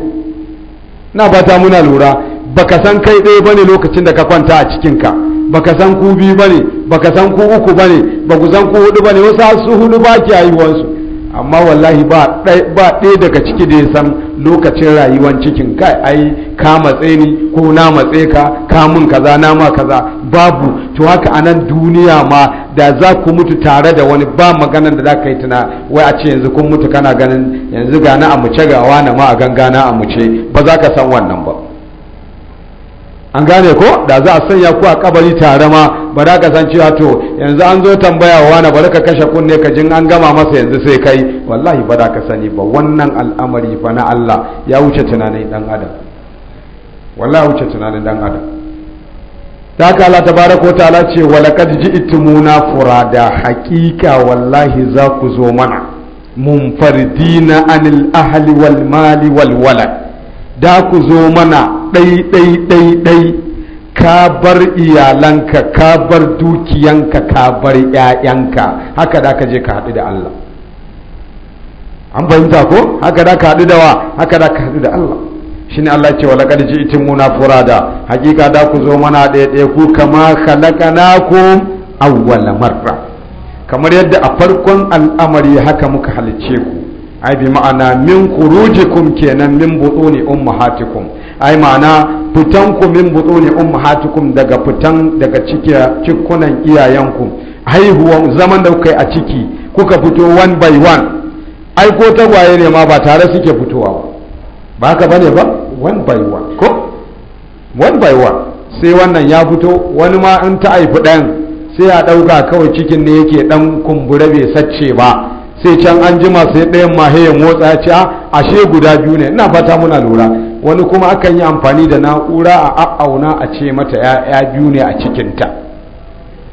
na fata muna lura baka san kai ɗaya bane lokacin da ka kwanta a cikin ka baka san ku biyu bane baka san ku uku bane baku san ku hudu ne wasu hasu hudu ba ki yi wansu amma wallahi ba ɗaya daga ciki da ya san lokacin rayuwar cikin kai ai ka matse ni ko na matse ka ka mun kaza na ma kaza babu to haka anan duniya ma da za ku mutu tare da wani ba maganar da za ka yi tuna wai a ce yanzu kun mutu kana ganin yanzu gana a mace ga wani ma a gangana a mace ba za ka san wannan ba an gane ko da za a sanya ku a kabari tare ma ba za ka san cewa to yanzu an zo tambaya wa na bari ka kashe kunne ka jin an gama masa yanzu sai kai wallahi ba za ka sani ba wannan al'amari fa na Allah ya wuce tunanin dan adam wallahi wuce tunanin dan adam ta ka Allah tabaraka ta'ala ce wa ji'tumuna furada haqiqa wallahi za ku zo mana munfardina anil ahli wal mali wal walad da ku zo mana ɗai ɗai ɗai ɗai ka bar iyalanka ka bar dukiyanka ka bar ‘ya'yanka haka da ka je ka haɗu da Allah an fahimta ko haka da ka haɗu da wa haka da ka haɗu da Allah shi ne Allah ce wa laƙar ji itin muna furada hakika da ku zo mana ɗaiɗai ku kama na ku awwala marra kamar yadda a farkon al'amari haka muka halicce ku ai bi ma'ana min khurujikum kenan min butuni ummahatikum ai ma'ana fitanku min butuni ummahatikum daga fitan daga cikunan iyayenku haihuwan zaman da kuka yi a ciki kuka fito one by one ai ko tagwaye ne ma ba tare suke fitowa ba ba haka bane ba one by one ko one by one sai wannan ya fito wani ma in ta haifi ɗan sai a ɗauka kawai cikin ne yake ɗan kumbura bai sace ba sai can an jima sai ɗayan mahe ya motsa ce ah, ashe guda biyu ne ina fata muna lura wani kuma akan yi amfani da na'ura a a'auna a ce mata ya biyu ne a cikinta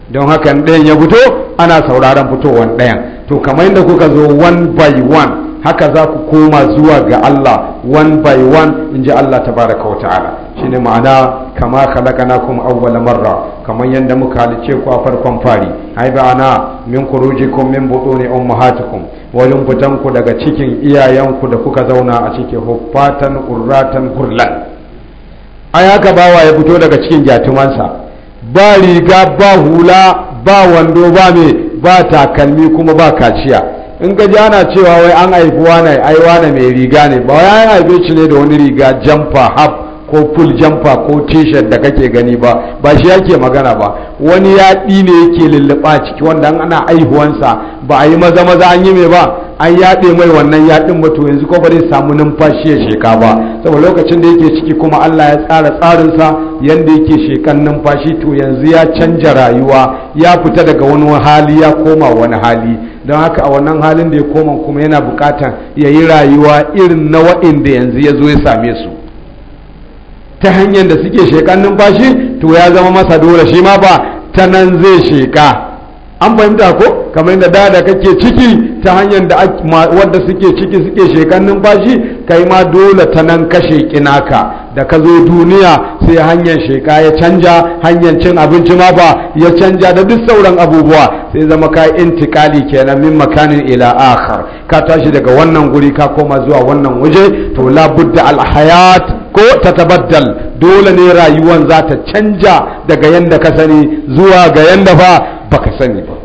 don hakan ɗayan ya fito ana sauraron fitowar ɗayan to kamar yadda kuka zo one by one haka za ku koma zuwa ga Allah one by one in ji Allah tabaraka wa ta'ala shine ma'ana kama na kuma awwala marra kamar yadda muka halice ku a farkon fari ai ba ana min kurujikum min buduni ummahatikum wajen fitan ku daga cikin iyayenku da kuka zauna a cikin huffatan urratan hurlan ai haka bawa ya fito daga cikin gyatumansa ba riga ba hula ba wando ba me ba takalmi kuma ba kaciya in ka ji ana cewa wai an haifi wane ai wane mai riga ne ba wai an haife shi ne da wani riga jamfa haf. ko full jamfa ko t-shirt da kake gani ba ba shi yake magana ba wani yaɗi ne yake lulluɓa ciki wanda ana aihuwansa ba a yi maza maza an yi mai ba an yaɗe mai wannan yaɗin ba to yanzu ko ba samu numfashi ya sheka ba saboda lokacin da yake ciki kuma Allah ya tsara tsarinsa yanda yake shekan numfashi to yanzu ya canja rayuwa ya fita daga wani hali ya koma wani hali don haka a wannan halin da ya koma kuma yana bukatan ya yi rayuwa irin na wa'inda yanzu ya zo ya same su ta hanyar da suke shekan numfashi to ya zama masa dole shi ma ba ta nan zai sheka an fahimta ko kamar yadda da da kake ciki ta hanyar da wadda suke ciki suke shekan numfashi kai ma dole ta nan ka sheki naka da ka zo duniya sai hanyar sheka ya canja hanyar cin abinci ma ba ya canja da duk sauran abubuwa sai zama ka intikali kenan min makanin ila akhar ka tashi daga wannan guri ka koma zuwa wannan waje to labudda alhayat ko ta tabaddal dole ne rayuwan za ta canja daga yadda ka sani zuwa ga ba fa ka sani ba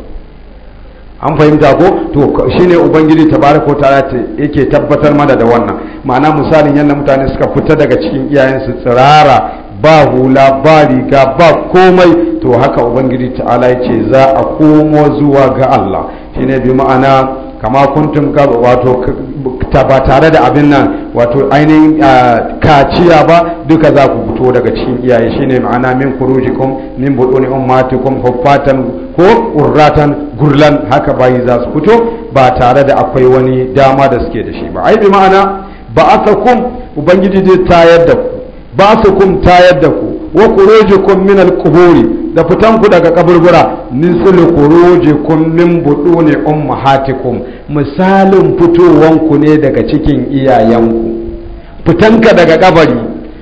an fahimta ko to ne ubangiji tabaraka ta ce yake tabbatar mana da wannan ma'ana misalin yadda mutane suka fita daga cikin iyayensu tsirara ba hula ba riga ba komai to haka ubangiji ta'ala ya ce za a komo zuwa ga Allah shi ne bi ma'ana kama kuntum ka wato ba tare da abin nan wato ainihin kaciya ba duka za ku fito daga cikin iyaye shine ma'ana min kun min ne mati kun huffatan ko urratan gurlan haka bayi za su fito ba tare da akwai wani dama da suke da shi ba ai ma'ana ba a kum ubangiji zai tayar da ku ba kun tayar da ku wa kun min al-quburi da fitanku daga kaburbura kuruje kun min buduni ummahatikum misalin fitowan ku ne daga cikin iyayen iyayenku fitanka daga kabari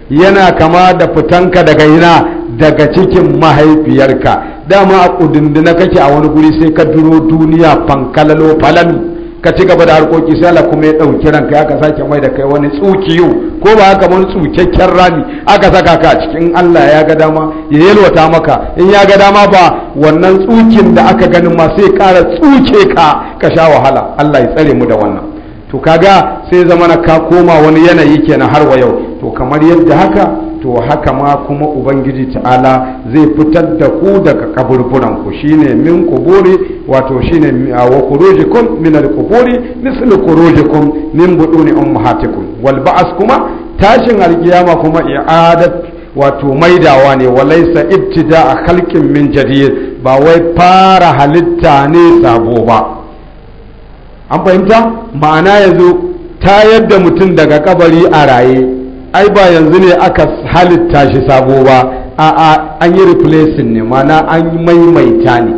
yana kama da fitanka daga ina daga cikin mahaifiyarka dama a kudindina kake a wani guri sai ka duro duniya fankalalo falalu ka ci gaba da harkoki sai Allah kuma ya ɗauki ranka ya ka sake mai da kai wani tsukiyo ko ba haka wani tsukakken rami aka saka ka cikin Allah ya ga dama ya yalwata maka in ya ga dama ba wannan tsukin da aka ganin ma sai ƙara tsuke ka ka sha wahala Allah ya tsare mu da wannan to kaga sai na ka koma wani yanayi kenan har wa yau to kamar yadda haka to haka ma kuma ubangiji ta'ala zai fitar da ku daga kaburburan ku shine min kuburi wato shine ah, wa kurujikum min al-kuburi mislu kurujikum min buduni ummahatikum wal ba'as kuma tashin alqiyama kuma i'adat wato maidawa ne walaysa ibtida a min jadid ba wai fara halitta ne sabo ba an fahimta ma'ana yanzu ta yadda mutum daga kabari a raye ai ba yanzu ne aka halitta shi sabo ba a'a an yi replacing ne mana an maimaita ne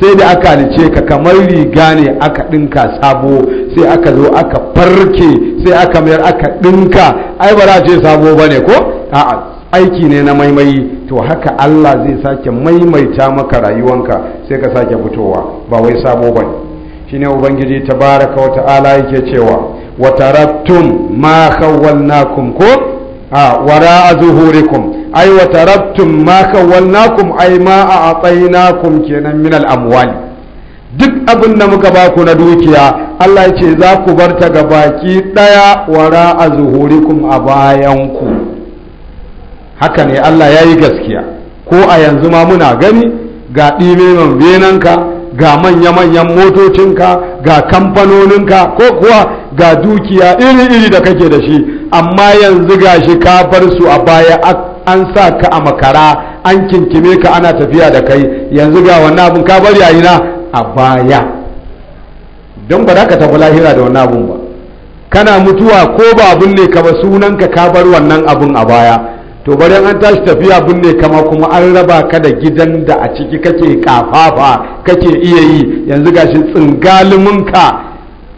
sai da aka halice ka kamar riga ne aka ɗinka sabo sai aka zo aka farke sai aka mayar aka ɗinka ai ba za ce sabo ba ne ko a'a aiki ne na maimai to haka Allah zai sake maimaita maka rayuwanka sai ka sake fitowa ba wai sabo ba ne shine ubangiji tabaraka wa ta'ala yake cewa wa taraktum ma khawwalnakum ko a wara zuhurikum ai wa taraktum ma khawwalnakum ai ma a'tainakum kenan min al duk abin da muka ba ku na dukiya Allah ce za ku bar ta ga baki ɗaya wara zuhurikum a bayan ku haka ne Allah ya yi gaskiya ko a yanzu ma muna gani ga ɗime venanka ga manya-manyan motocinka ga kamfanoninka ko kuwa ga dukiya iri-iri da kake da shi amma yanzu ga shi ka bar su a baya an sa ka a makara an kinkime ka ana tafiya da kai yanzu ga wannan abin ka bar yayi na a baya don ba za ka tafi lahira da wannan abin ba kana mutuwa ko ba abin ne ka ba sunanka ka bar wannan abin a baya to bari an tashi tafiya ne kama kuma an raba ka da gidan da a ciki kake kafafa kake iya yi yanzu gashi tsingaluminka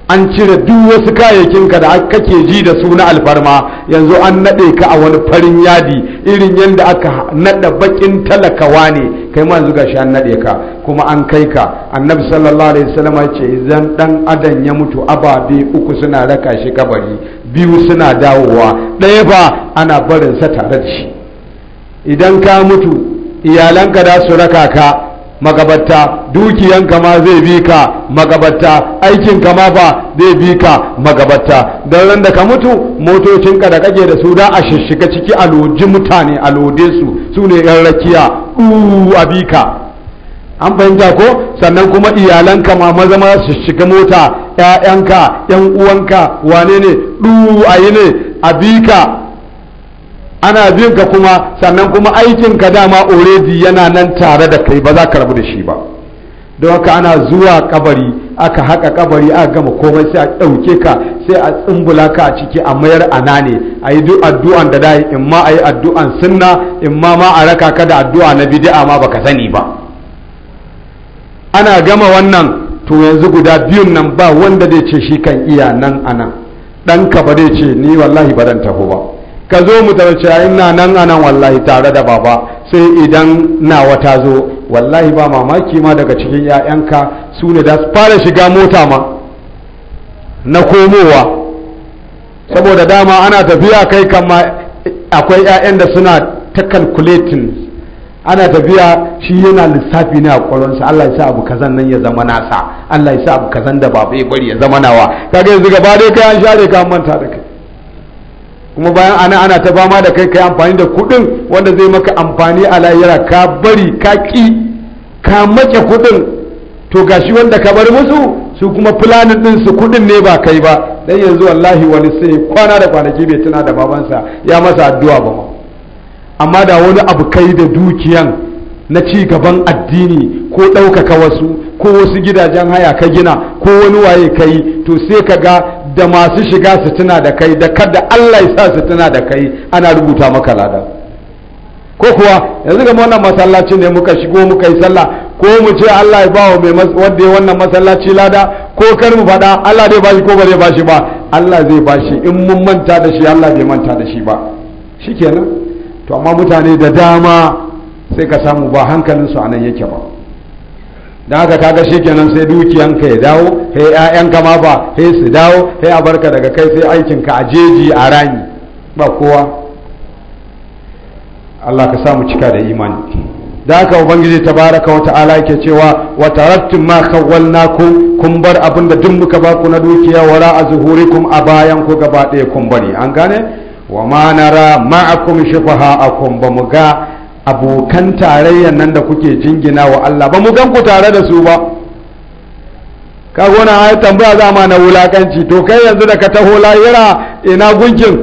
an cire duk wasu kayayyakin ka da kake ji da su na alfarma yanzu an naɗe ka a wani farin yadi irin yadda aka naɗa bakin talakawa ne kai ma yanzu gashi an naɗe ka kuma an kai ka annabi sallallahu alaihi wasallam ce idan dan adam ya mutu ababe uku suna raka shi kabari biyu suna dawowa ɗaya ba ana barin sa tare da shi idan ka mutu iyalanka da su raka ka magabatta dukiyanka ma zai bi ka magabatta aikinka ma ba zai bi ka magabatta don ran da ka mutu motocinka da kake da su da a shishiga ciki a loji mutane a lode su su ne yan rakiya a bi an fahimta ko sannan kuma iyalanka ma maza ma shishiga mota 'ya'yanka 'yan uwanka wane ne a yi ne a bi ana bin ka kuma sannan kuma aikin ka dama already yana nan tare da kai ba za ka rabu da shi ba don haka ana zuwa kabari aka haka kabari aka gama komai sai a ɗauke ka sai a tsumbula ka a ciki a mayar ana ne a yi duk addu'an da dai in ma a yi addu'an sunna in ma ma a raka ka da addu'a na bid'a ma baka sani ba ana gama wannan to yanzu guda biyun nan ba wanda zai ce shi kan iya nan anan ɗanka ba zai ce ni wallahi ba dan taho ba ka zo mu tarci ina nan anan wallahi tare da baba sai idan nawa ta zo wallahi ba mamaki ma daga cikin 'ya'yanka su ne da su fara shiga mota ma na komowa saboda dama ana tafiya kai kama akwai 'ya'yan da suna ta calculating ana tafiya shi yana lissafi ne a kwallonsa Allah ya sa abu kazan nan ya zama nasa Allah ya sa abu kazan da ba bai bari ya zama nawa kaga yanzu gaba dai kai an share ka manta da kai kuma bayan ana ana ta fama da kai kai amfani da kuɗin wanda zai maka amfani a layira ka bari ka ƙi ka make kuɗin to gashi wanda ka bar musu su kuma fulanin ɗin su kuɗin ne ba kai ba dan yanzu wallahi wani sai kwana da kwanaki bai tuna da babansa ya masa addu'a ba amma da wani abu kai da dukiyan na ci gaban addini ko ɗaukaka wasu ko wasu gidajen haya ka gina ko wani waye ka to sai ka ga da masu shiga su tuna da kai da kada Allah ya sa su tuna da kai ana rubuta maka lada ko kuwa yanzu ga wannan masallaci ne muka shigo muka yi sallah ko mu ce Allah ya bawa mai wanda ya wannan masallaci lada ko kar mu faɗa Allah zai bashi ko ba zai bashi ba Allah zai bashi in mun manta da shi Allah bai manta da shi ba shikenan to amma mutane da dama sai ka samu ba hankalinsu anan yake ba da haka kaga shikenan sai dukiyanka ya dawo sai ƴaƴanka ma ba sai su dawo sai a barka daga kai sai aikinka a jeji a rani ba kowa Allah ka samu cika da imani da haka ubangiji tabaraka wa ta'ala yake cewa wa tarattum ma khawwalnakum kun bar abinda duk muka ba ku na dukiya wara a a bayan ku gaba ɗaya kun bari an gane wa ma nara ma'akum akum ba mu ga abokan tarayyar nan da kuke jingina wa Allah ba mu gan ku tare da su ba ka gona ai tambaya za ma na wulakanci to kai yanzu da ka taho lahira ina gunkin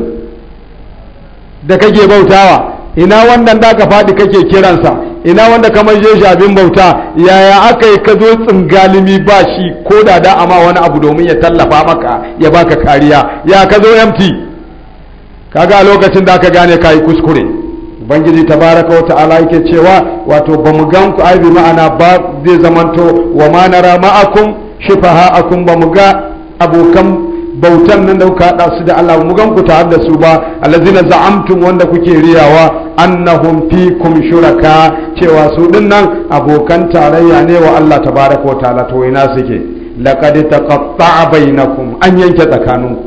da kake bautawa ina wannan da ka faɗi kake kiransa ina wanda ka maje shi bauta yaya aka yi ka zo tsingalimi ba shi ko da da ama wani abu domin ya tallafa maka ya baka kariya ya ka zo empty kaga lokacin da aka gane ka yi kuskure ubangiji tabaraka wata'ala yake cewa wato ba mu gan ku ai bi ma'ana ba zai zamanto wa ma nara ma'akum akum ba mu ga abokan bautan nan da kuka hada su da Allah mu gan ku tare da su ba allazina za'amtum wanda kuke riyawa annahum fikum shuraka cewa su din nan abokan tarayya ne wa Allah tabaraka wata'ala to ina suke laqad taqatta'a bainakum an yanke tsakaninku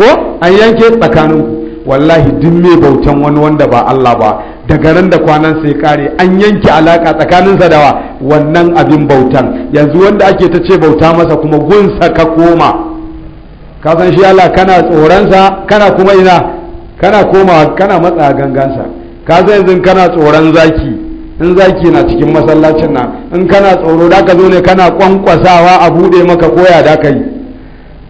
ko an yanke tsakaninku wallahi duk mai bautan wani wanda ba Allah ba daga ran da kwanan sai kare an yanke alaka tsakaninsa da wa wannan abin bautan yanzu wanda ake ta ce bauta masa kuma gunsa ka koma ka san shi Allah kana sa kana kuma ina kana komawa kana matsa gangansa ka san yanzu kana tsoron zaki in zaki na cikin masallacin nan in kana tsoro da ka zo ne kana kwankwasawa a bude maka koya da kai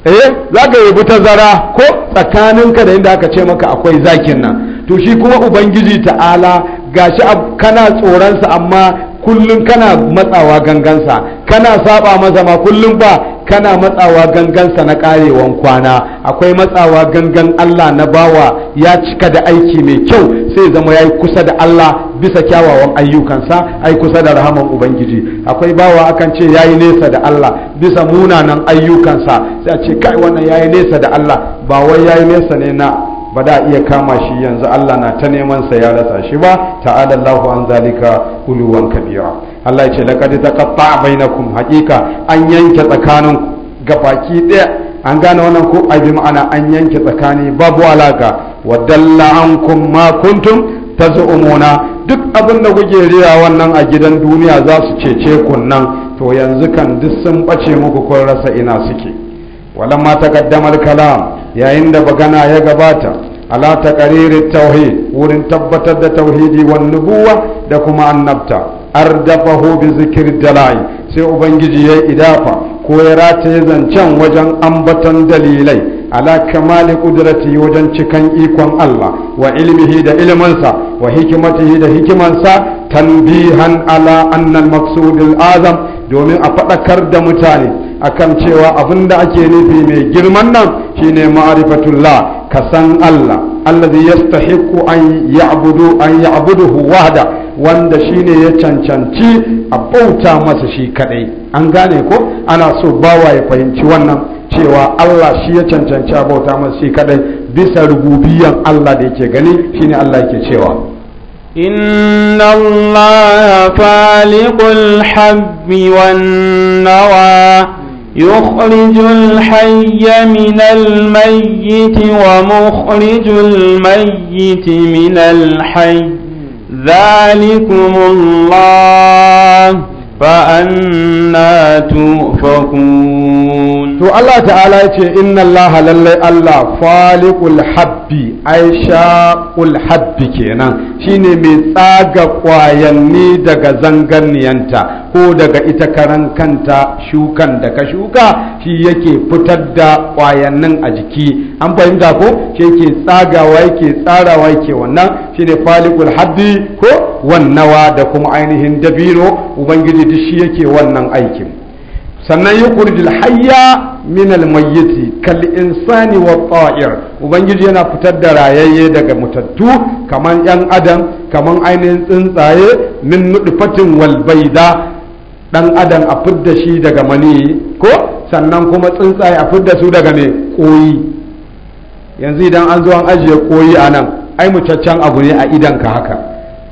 eh za ka yabi tazara ko tsakaninka da inda aka ce maka akwai zakin nan to shi kuma ubangiji ta'ala gashi kana tsoronsa amma kullum kana matsawa gangansa kana saba masa ma kullum ba kana matsawa gangansa na karewan kwana akwai matsawa gangan Allah na bawa ya cika da aiki mai kyau sai zama ya yi kusa da Allah bisa kyawawan ayyukansa ai kusa da rahaman ubangiji akwai bawa akan ce ya yi nesa da Allah bisa munanan ayyukansa sai a ce kai wannan ya yi nesa da Allah ba wai ya yi nesa ne na ba da iya kama shi yanzu Allah na ta neman sa ya rasa shi ba ta'ala Allahu an zalika uluwan kabira Allah ya ce laqad taqatta bainakum haqiqa an yanke tsakanin gabaki daya an gane wannan ko a bi ma'ana an yanke tsakani babu alaka wa dalla ankum ma kuntum tazumuna duk abin da kuke riya wannan a gidan duniya za su cece ku nan to yanzu kan duk sun bace muku kun rasa ina suke walamma taqaddama al-kalam yayin da bagana ya gabata ala taqaririt tauhid wurin tabbatar da tauhidi wan nubuwa da kuma annabta ardafahu bi zikr dalai sai ubangiji ya idafa ko ya rataye zancen wajen ambaton dalilai ala kamali kudrati wajen cikan ikon Allah wa ilmihi da ilminsa wa hikimatihi da hikimansa tanbihan ala annal maqsudul azam domin a faɗakar da mutane akan cewa abin da ake nufi mai girman nan shine ma'rifatullah ka san Allah allazi yastahiqu an ya'budu an ya'buduhu wahda wanda shine ya cancanci a bauta masa shi kadai an gane ko ana so bawa ya fahimci wannan cewa Allah shi ya cancanci a bauta masa shi kadai bisa rububiyan Allah da yake gani shine Allah yake cewa إن الله فالق الحب والنوى يخرج الحي من الميت ومخرج الميت من الحي ذلكم الله فأنا تؤفكون تو الله تعالى إن الله للي الله فالق الحب عيشاء الحب كينا شيني من ساق قوايني زنقن ينتا ko daga ita karan kanta shukan da ka shuka shi yake fitar da ƙwayannin a jiki an fahimta ko shi yake tsagawa yake tsarawa yake wannan Shi ne falikul haddi ko wannawa da kuma ainihin dabino ubangiji duk shi yake wannan aikin sannan kurjil hayya min almayyiti kal insani wa ta'ir ubangiji yana fitar da rayayye daga mutattu kaman yan adam kaman ainihin tsuntsaye min nudfatin wal baida dan adam a fidda shi daga mani ko sannan kuma tsuntsaye a fidda su daga ne koyi yanzu idan an zo an ajiye koyi a nan ai mutaccen abu ne a ka haka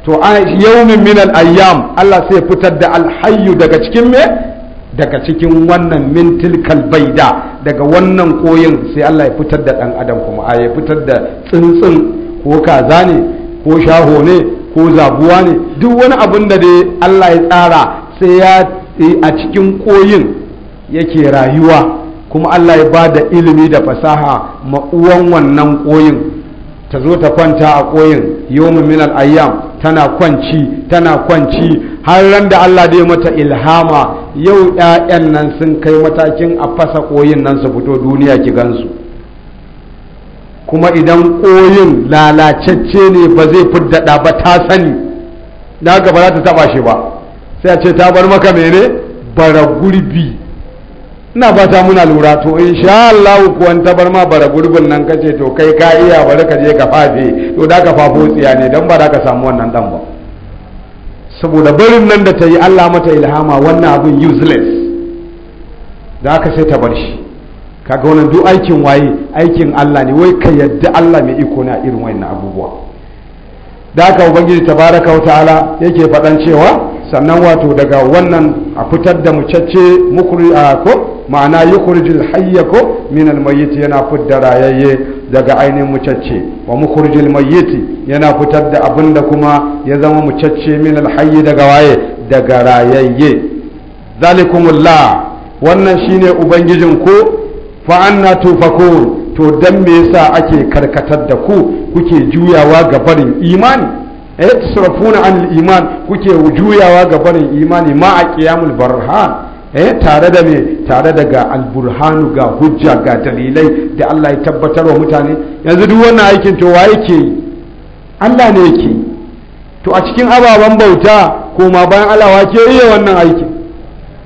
to a yaumin minal ayyam Allah sai fitar da alhayyu daga cikin me daga cikin wannan mintil kalbaida daga wannan koyin sai Allah ya fitar da dan adam kuma a ya fitar da tsuntsun ko kaza ne ko shaho ne ko zabuwa ne duk wani abin da dai Allah ya tsara sai ya a cikin koyin yake rayuwa kuma Allah ya ba da ilimi da fasaha ma'uwan wannan koyin ta zo ta kwanta a koyin yawon minal ayyam tana kwanci tana kwanci har ran da Allah ya mata ilhama yau ɗayan nan sun kai matakin a fasa koyin nan su fito duniya ki gansu kuma idan koyin lalacecce ne ba zai fidda ba ta sani na gaba za ta taba shi ba sai ce ta bar maka mene bara gurbi ina fata muna lura to in sha Allah kuwan ta bar ma bara gurbin nan kace to kai ka iya bari ka je ka fafe to da ka fafo tsiya ne dan ba za ka samu wannan dan ba saboda barin nan da ta yi Allah mata ilhama wannan abin useless da aka sai ta bar shi kaga wannan duk aikin waye aikin Allah ne wai ka yadda Allah mai iko na irin wannan abubuwa da aka ubangiji tabaraka wa ta'ala yake faɗan cewa sannan wato daga wannan a fitar da mucacce mukuri a ko ma'ana kurjil hayya ko minal almayyit yana fitar rayayye daga ainihin mucacce wa mukurjil mayyit yana fitar da abin da kuma ya zama mucacce minal alhayyi daga waye daga rayayye zalikumullah wannan shine ubangijin ku fa anna tufakun to dan me yasa ake karkatar da ku kuke juyawa ga barin imani sarfuna an iman kuke juyawa ga barin imani ma a qiyamul barhan eh tare da me tare da ga alburhanu ga hujja ga dalilai da Allah ya tabbatar wa mutane yanzu duk wannan aikin to wa yake yi Allah ne yake to a cikin ababen bauta ko ma bayan Allah wa ke iya wannan aikin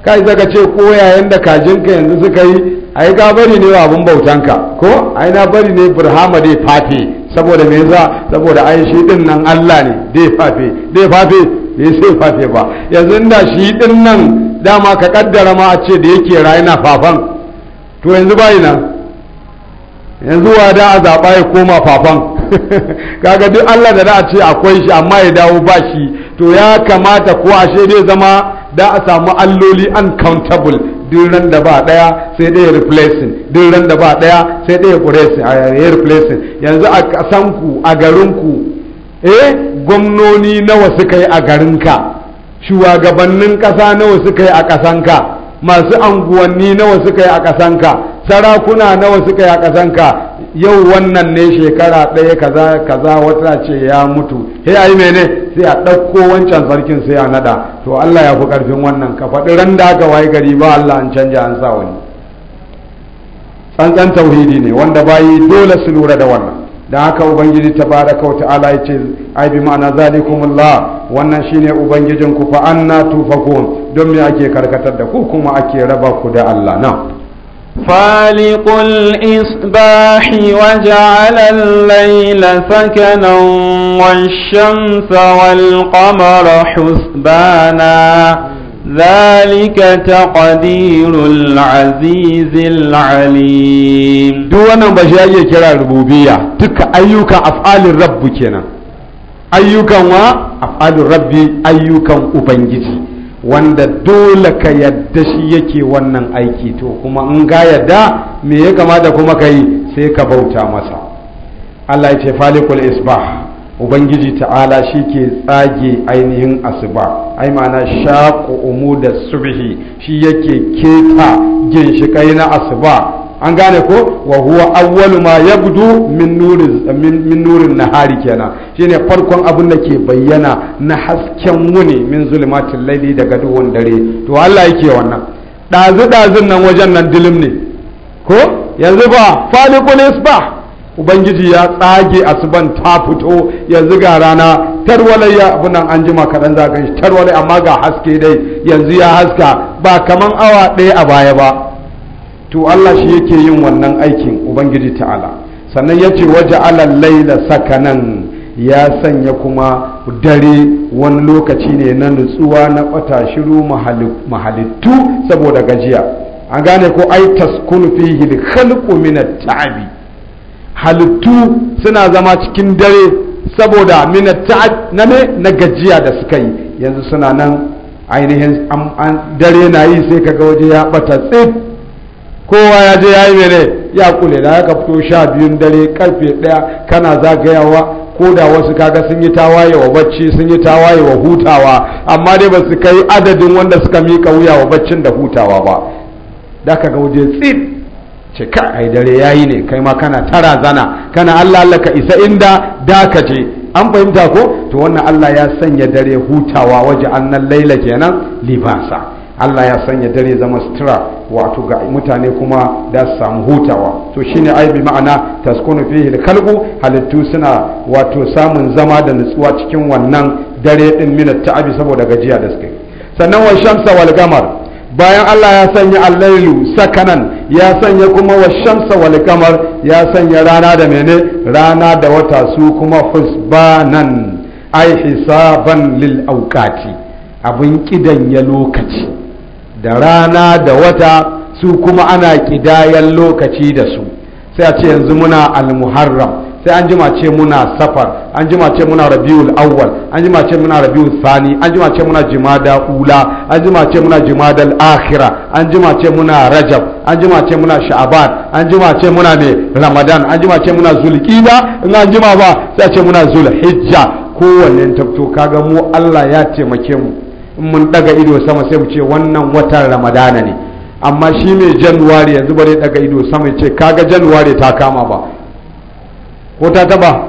kai zaka ce ko yayin da kajinka yanzu suka yi ai ga bari ne wa abun bautanka ko ai na bari ne burhama dai fate saboda me yasa saboda ai shi din nan Allah ne dai fafe dai fafe bai sai fafe ba yanzu da shi din nan dama ka kaddara ma a ce da yake rayu na fafan to yanzu bai nan yanzu wa da a zaɓa ya koma fafan kaga duk Allah da za a ce akwai shi amma ya dawo ba shi to ya kamata ko ashe dai zama da a samu alloli uncountable duk ran da ba daya sai daya replacing duk ran da ba daya sai daya replacing a replacing yanzu a ku a garinku eh gwamnoni nawa suka yi a garin ka shugabannin kasa nawa suka yi a ka masu anguwanni nawa suka yi a ka sarakuna nawa suka yi a ka yau wannan ne shekara ɗaya kaza kaza wata ce ya mutu he ai menene. sai a ɗauko wancan sarkin sai a nada to Allah ya fi ƙarfin wannan ka faɗi ran da aka waye gari ba Allah an canja an sa wani tsantsan tauhidi ne wanda bayi dole su lura da wannan da haka ubangiji ta wa ta'ala ya ce ai bi ma'ana zalikumullah wannan shine ubangijinku fa anna tufakun don me ake karkatar da ku kuma ake raba ku da Allah na فالق الإصباح وجعل الليل سكنا والشمس والقمر حسبانا ذلك تقدير العزيز العليم دوانا بجاية كرا ربوبية تك أيوك أفعال الرب كنا أيوك ما أفعال الرب أيوك أبنجتي wanda dole ka yadda shi yake wannan aiki to kuma in ga yadda me ya kamata kuma ka yi sai ka bauta masa Allah ya ce falikul isbah ubangiji ta'ala shi ke tsage ainihin asuba ai ma'ana shaƙo umu da subhi shi yake keta ginshiƙai na asuba an gane ko wa huwa awwalu ma yabdu min nurin min nurin nahari kenan shine farkon abin da ke bayyana na hasken wuni min zulumatil laili daga duhun dare to Allah yake wannan dazu dazun nan wajen nan dilim ne ko yanzu ba faliqul isbah ubangiji ya tsage asuban ta fito yanzu ga rana tarwalai ya abin nan an jima kaɗan za ka tarwalai amma ga haske dai yanzu ya haska ba kaman awa ɗaya a baya ba to Allah shi yake yin wannan aikin ubangiji ta'ala sannan ya ce waje alal laila sakanan ya sanya kuma dare wani lokaci ne na nutsuwa na kwata shiru mahalittu saboda gajiya an gane ko ai taskunu fihi khalqu min at-ta'abi halittu suna zama cikin dare saboda min taab na me na gajiya da suka yi yanzu suna nan ainihin dare na yi sai kaga waje ya bata tsit kowa ya je ya yi mere ya kule da ya fito sha biyun dare karfe daya kana zagayawa ko da wasu kaga sun yi tawaye wa bacci sun yi tawaye wa hutawa amma dai ba su kai adadin wanda suka mika wuya wa baccin da hutawa ba da ka ga waje tsit ka ai dare ya yi ne kai ma kana tara zana kana Allah Allah ka isa inda da ka je an fahimta ko to wannan Allah ya sanya dare hutawa waje annan laila kenan libasa Allah ya sanya dare zama sutura wato ga mutane kuma da su samu hutawa to shine ai bi ma'ana taskunu fihi al halittu suna wato samun zama da nutsuwa cikin wannan dare din min ta'abi saboda gajiya da suke sannan wa shamsa wal qamar bayan Allah ya sanya al-lailu sakanan ya sanya kuma wa shamsa wal qamar ya sanya rana da mene rana da wata su kuma husbanan ai hisaban lil awqati abin kidan ya lokaci da rana da wata su kuma ana kidayen lokaci da su sai a ce yanzu muna almuharram sai an jima ce muna safar an jima ce muna rabiul awwal an jima ce muna rabiul sani an jima ce muna jimada ula an jima ce muna jimadal akhira an jima ce muna rajab an jima ce muna sha'aban an jima ce muna ne ramadan an jima ce muna zulqida in an jima ba sai a ce muna zulhijja kowanne tabto kaga mu Allah ya taimake mu in mun daga ido sama sai mu ce wannan watan ramadana ne amma shi mai januwari yanzu ba zai daga ido sama ce kaga januwari ta kama ba ko ta taba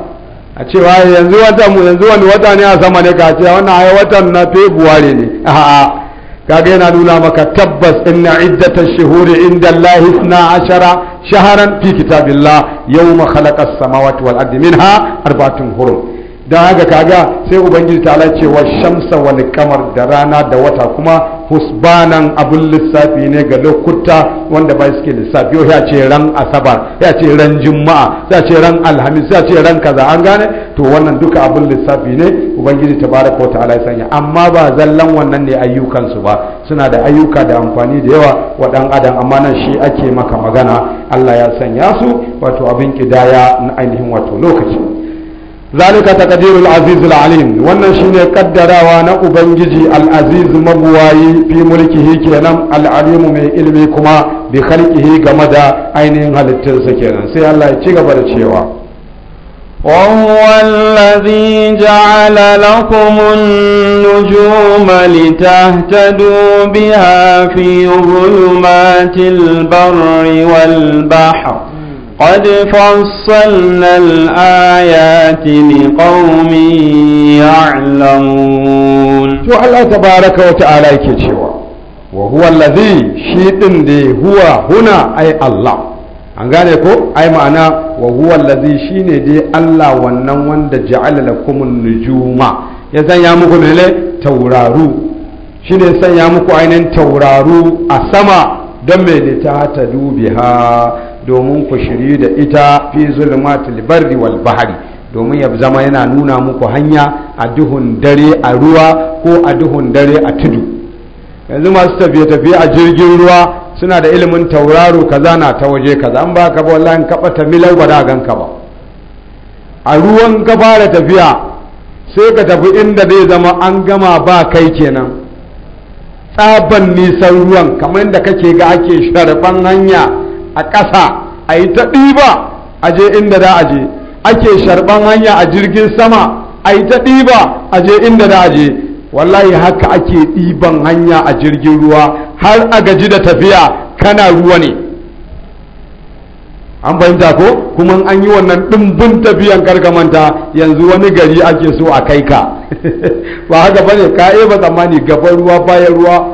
a cewa yanzu wata mu yanzu wani wata ne a sama ne ka ce wannan ai watan na february ne a'a kaga yana nuna maka tabbas inna iddatash shuhuri inda Allah 12 ashara shaharan fi kitabillah yawma khalaqas samawati wal ardi minha arba'atun hurum da haka kaga sai ubangiji ta ce wa shamsa wal kamar da rana da wata kuma husbanan abin lissafi ne ga lokuta wanda ba suke lissafi ya ce ran asabar ya ce ran juma'a ya ce ran alhamis ya ce ran kaza an gane to wannan duka abin lissafi ne ubangiji ta tabaraka ta'ala ya sanya amma ba zallan wannan ne ayyukansu ba suna da ayyuka da amfani da yawa wa dan adam amma nan shi ake maka magana Allah ya sanya su wato abin kidaya na ainihin wato lokaci zalika taqdirul azizul alim wannan shine kaddarawa na ubangiji al-aziz mabuwayi fi mulkihi kenan al mai ilimi kuma bi khalqihi game da ainihin halittunsa kenan sai Allah ya ci gaba da cewa وهو الذي جعل لكم النجوم لتهتدوا بها في ظلمات البر والبحر قد فصلنا الآيات لقوم يعلمون شو الله تبارك وتعالى يكتشوا وهو الذي شيطن دي هو هنا أي الله an gane ko ai ma'ana wa huwa allazi shine dai Allah wannan wanda ja'ala lakum nujuma ya sanya muku mele tauraru shine sanya muku ainihin tauraru a sama don me ta ta dubiha domin ku shirye da ita fi zulmatul bardi wal bahri domin ya zama yana nuna muku hanya a duhun dare a ruwa ko a duhun dare a tudu yanzu masu tafiye-tafiye a jirgin ruwa suna da ilimin tauraro kaza na ta waje kaza an ba ka ba wallahi ka ta milar ba da ganka ba a ruwan ka fara tafiya sai ka tafi inda zai zama an gama ba kai kenan tsaban nisan ruwan kamar da kake ga ake sharban hanya a ƙasa a yi ta ɗiba a je inda da a je ake sharɓan hanya a jirgin sama a yi ta ɗiba a je inda da a je wallahi haka ake ɗiban hanya a jirgin ruwa har a gaji da tafiya kana ruwa ne an fahimta ko kuma an yi wannan ɗimbin tafiyan karkamanta yanzu wani gari ake so a kai ka ba haka bane ka ba tsammani gaban ruwa bayan ruwa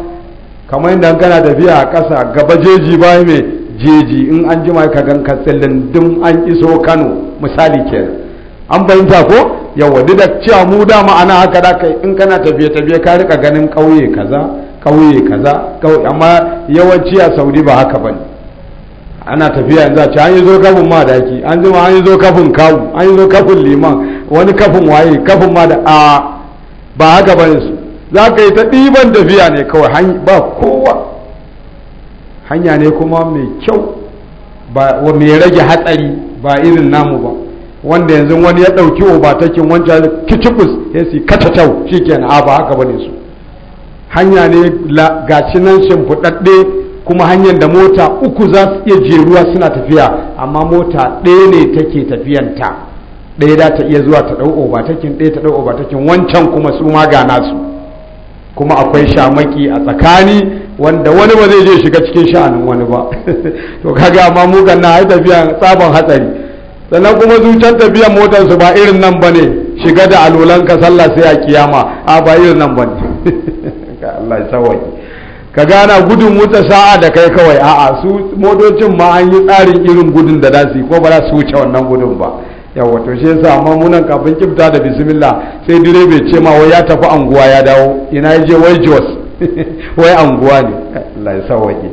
kamar yadda kana tafiya a ƙasa gaba jeji bayan mai jeji in an jima ka gan ka dun an iso kano misali ke. an fahimta ko yawa duk da cewa mu da ma'ana haka da kai in kana tafiye tafiye ka rika ganin ƙauye kaza ƙauye kaza ƙauye amma yawanci a saudi ba haka bane ana tafiya yanzu a ce an yi zo kafin madaki an jima an yi zo kafin kawu an yi zo kafin liman wani kafin waye kafin ma da a ba haka bane su za ka yi ta ɗiban tafiya ne kawai ba kowa hanya ne kuma mai kyau ba mai rage hatsari ba irin namu ba wanda yanzu wani ya ɗauki obatakin wancan kicikus ya si katatau shi kenan ba haka bane su hanya ne gashi nan shimfiɗaɗɗe kuma hanyar da mota uku za su iya jeruwa suna tafiya amma mota ɗaya ne take tafiyanta ɗaya da ta iya zuwa ta ɗau obatakin ɗaya ta ɗau obatakin wancan kuma su ma ga nasu kuma akwai shamaki a tsakani wanda wani ba zai je shiga cikin sha'anin wani ba to kaga amma mu kan na haita biyan tsaban hatsari sannan kuma zuciyar tafiyan motar su ba irin nan bane shiga da alolan ka sallah sai a kiyama a ba irin nan bane ka Allah ya ka gana gudun wuta sa'a da kai kawai a'a su motocin ma an yi tsarin irin gudun da za su yi ko ba za su wuce wannan gudun ba yawa to shi yasa amma munan kafin kibta da bismillah sai direbe ce ma wai ya tafi anguwa ya dawo ina je wai jos wai anguwa ne lai sawaki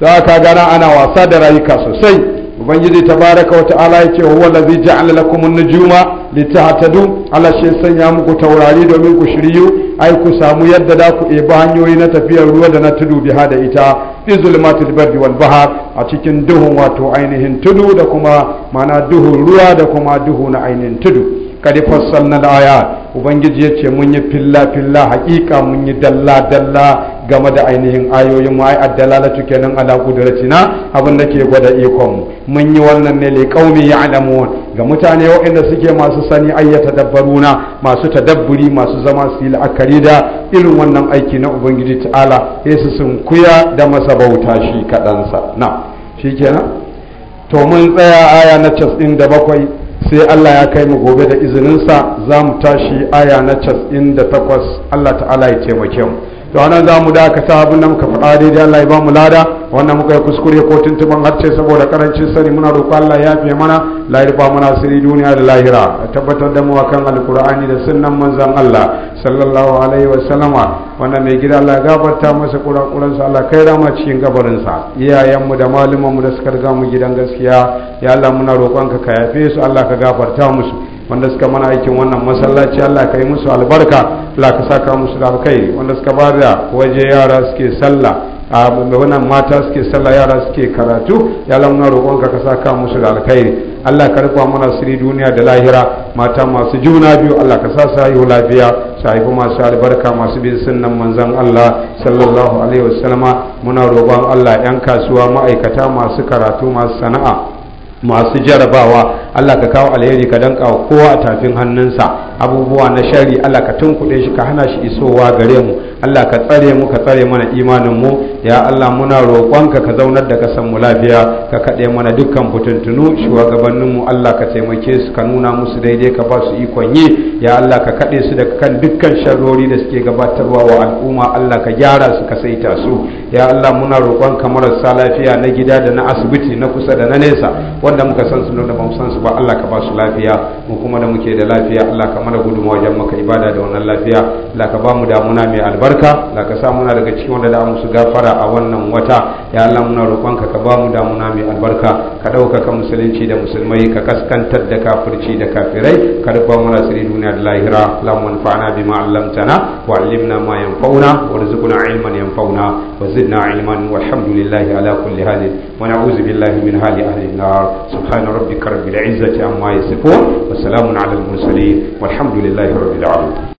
za ka gana ana wasa da rayuka sosai ubangiji ta baraka wa ta'ala yace wa allazi ja'ala lakum an-nujuma litahtadu ala shi sanya muku taurari domin ku shiryu ai ku samu yadda da ku eba hanyoyi na tafiyar ruwa da na tudu biha da ita fi zulmatil bardi wal bahar a cikin duhun wato ainihin tudu da kuma mana duhun ruwa da kuma duhu na ainihin tudu kadi fassalna na laya ubangiji yace mun yi filla filla hakika mun yi dalla dalla game da ainihin ayoyin mu ai tuke nan ala qudratina abin da ke gwada ikon mu mun yi wannan ne le qaumi ya'lamun ga mutane waɗanda suke masu sani ayyata dabbaruna masu tadabburi masu zama su yi la'akari da irin wannan aiki na ubangiji ta'ala yesu sun kuya da masa bauta shi kaɗansa na shikenan to mun tsaya aya na 97 sai Allah ya kai mu gobe da izininsa za mu tashi aya na 98 Allah ta'ala ya taimake mu to anan za mu sa abin da muka faɗa daidai Allah ya ba mu lada wannan muka yi kuskure ko tuntuban harce saboda karancin sani muna roƙo Allah ya fiye mana la yarfa mana siri duniya da lahira a tabbatar da mu akan alqur'ani da sunnan manzon Allah sallallahu alaihi wa sallama wannan mai gida Allah ya gafarta masa kurakuran sa Allah kai rama cikin gabarin sa iyayen mu da malaman mu da suka riga mu gidan gaskiya ya Allah muna roƙon ka ka yafe su Allah ka gafarta musu wanda suka mana aikin wannan masallaci Allah ka yi musu albarka Allah ka saka musu da kai wanda suka ba da waje yara suke sallah a wannan mata suke sallah yara suke karatu ya lamuna roƙonka ka saka musu da alkhairi Allah ka rufa mana siri duniya da lahira mata masu juna biyu Allah ka sa su haihu lafiya sahibu masu albarka masu bin sunnan manzon Allah sallallahu alaihi wasallama muna roƙon Allah yan kasuwa ma'aikata masu karatu masu sana'a masu jarabawa Allah ka kawo alheri ka danka kowa a tafin hannunsa abubuwa na shari Allah ka tunkuɗe shi ka hana shi isowa gare mu Allah ka tsare mu ka tsare mana imanin mu ya Allah muna roƙonka ka zaunar da kasan mu lafiya ka kaɗe mana dukkan fitintunu shugabannin mu Allah ka taimake su ka nuna musu daidai ka ba su ikon yi ya Allah ka kaɗe su daga kan dukkan sharrori da suke gabatarwa wa al'umma Allah ka gyara su ka saita su ya Allah muna roƙonka marasa lafiya na gida da na asibiti na kusa da na nesa wanda muka san su da bamu san su ba Allah ka ba su lafiya mu kuma da muke da lafiya Allah ka mana gudunmawa wajen maka ibada da wannan lafiya Allah ka ba mu damuna mai albarka albarka da ka sa muna daga cikin wanda da musu gafara a wannan wata ya Allah muna roƙonka ka ba mu damuna mai albarka ka ɗaukaka musulunci da musulmai ka kaskantar da kafirci da kafirai ka rufa muna sirri duniya da lahira lamun fa'ana bima allamtana wa allimna ma yanfa'una warzuqna ilman yanfa'una wa zidna ilman walhamdulillahi ala kulli halin wa na'udzu billahi min hali ahli an-nar subhana rabbika rabbil izzati amma yasifun wa salamun ala al-mursalin walhamdulillahi rabbil alamin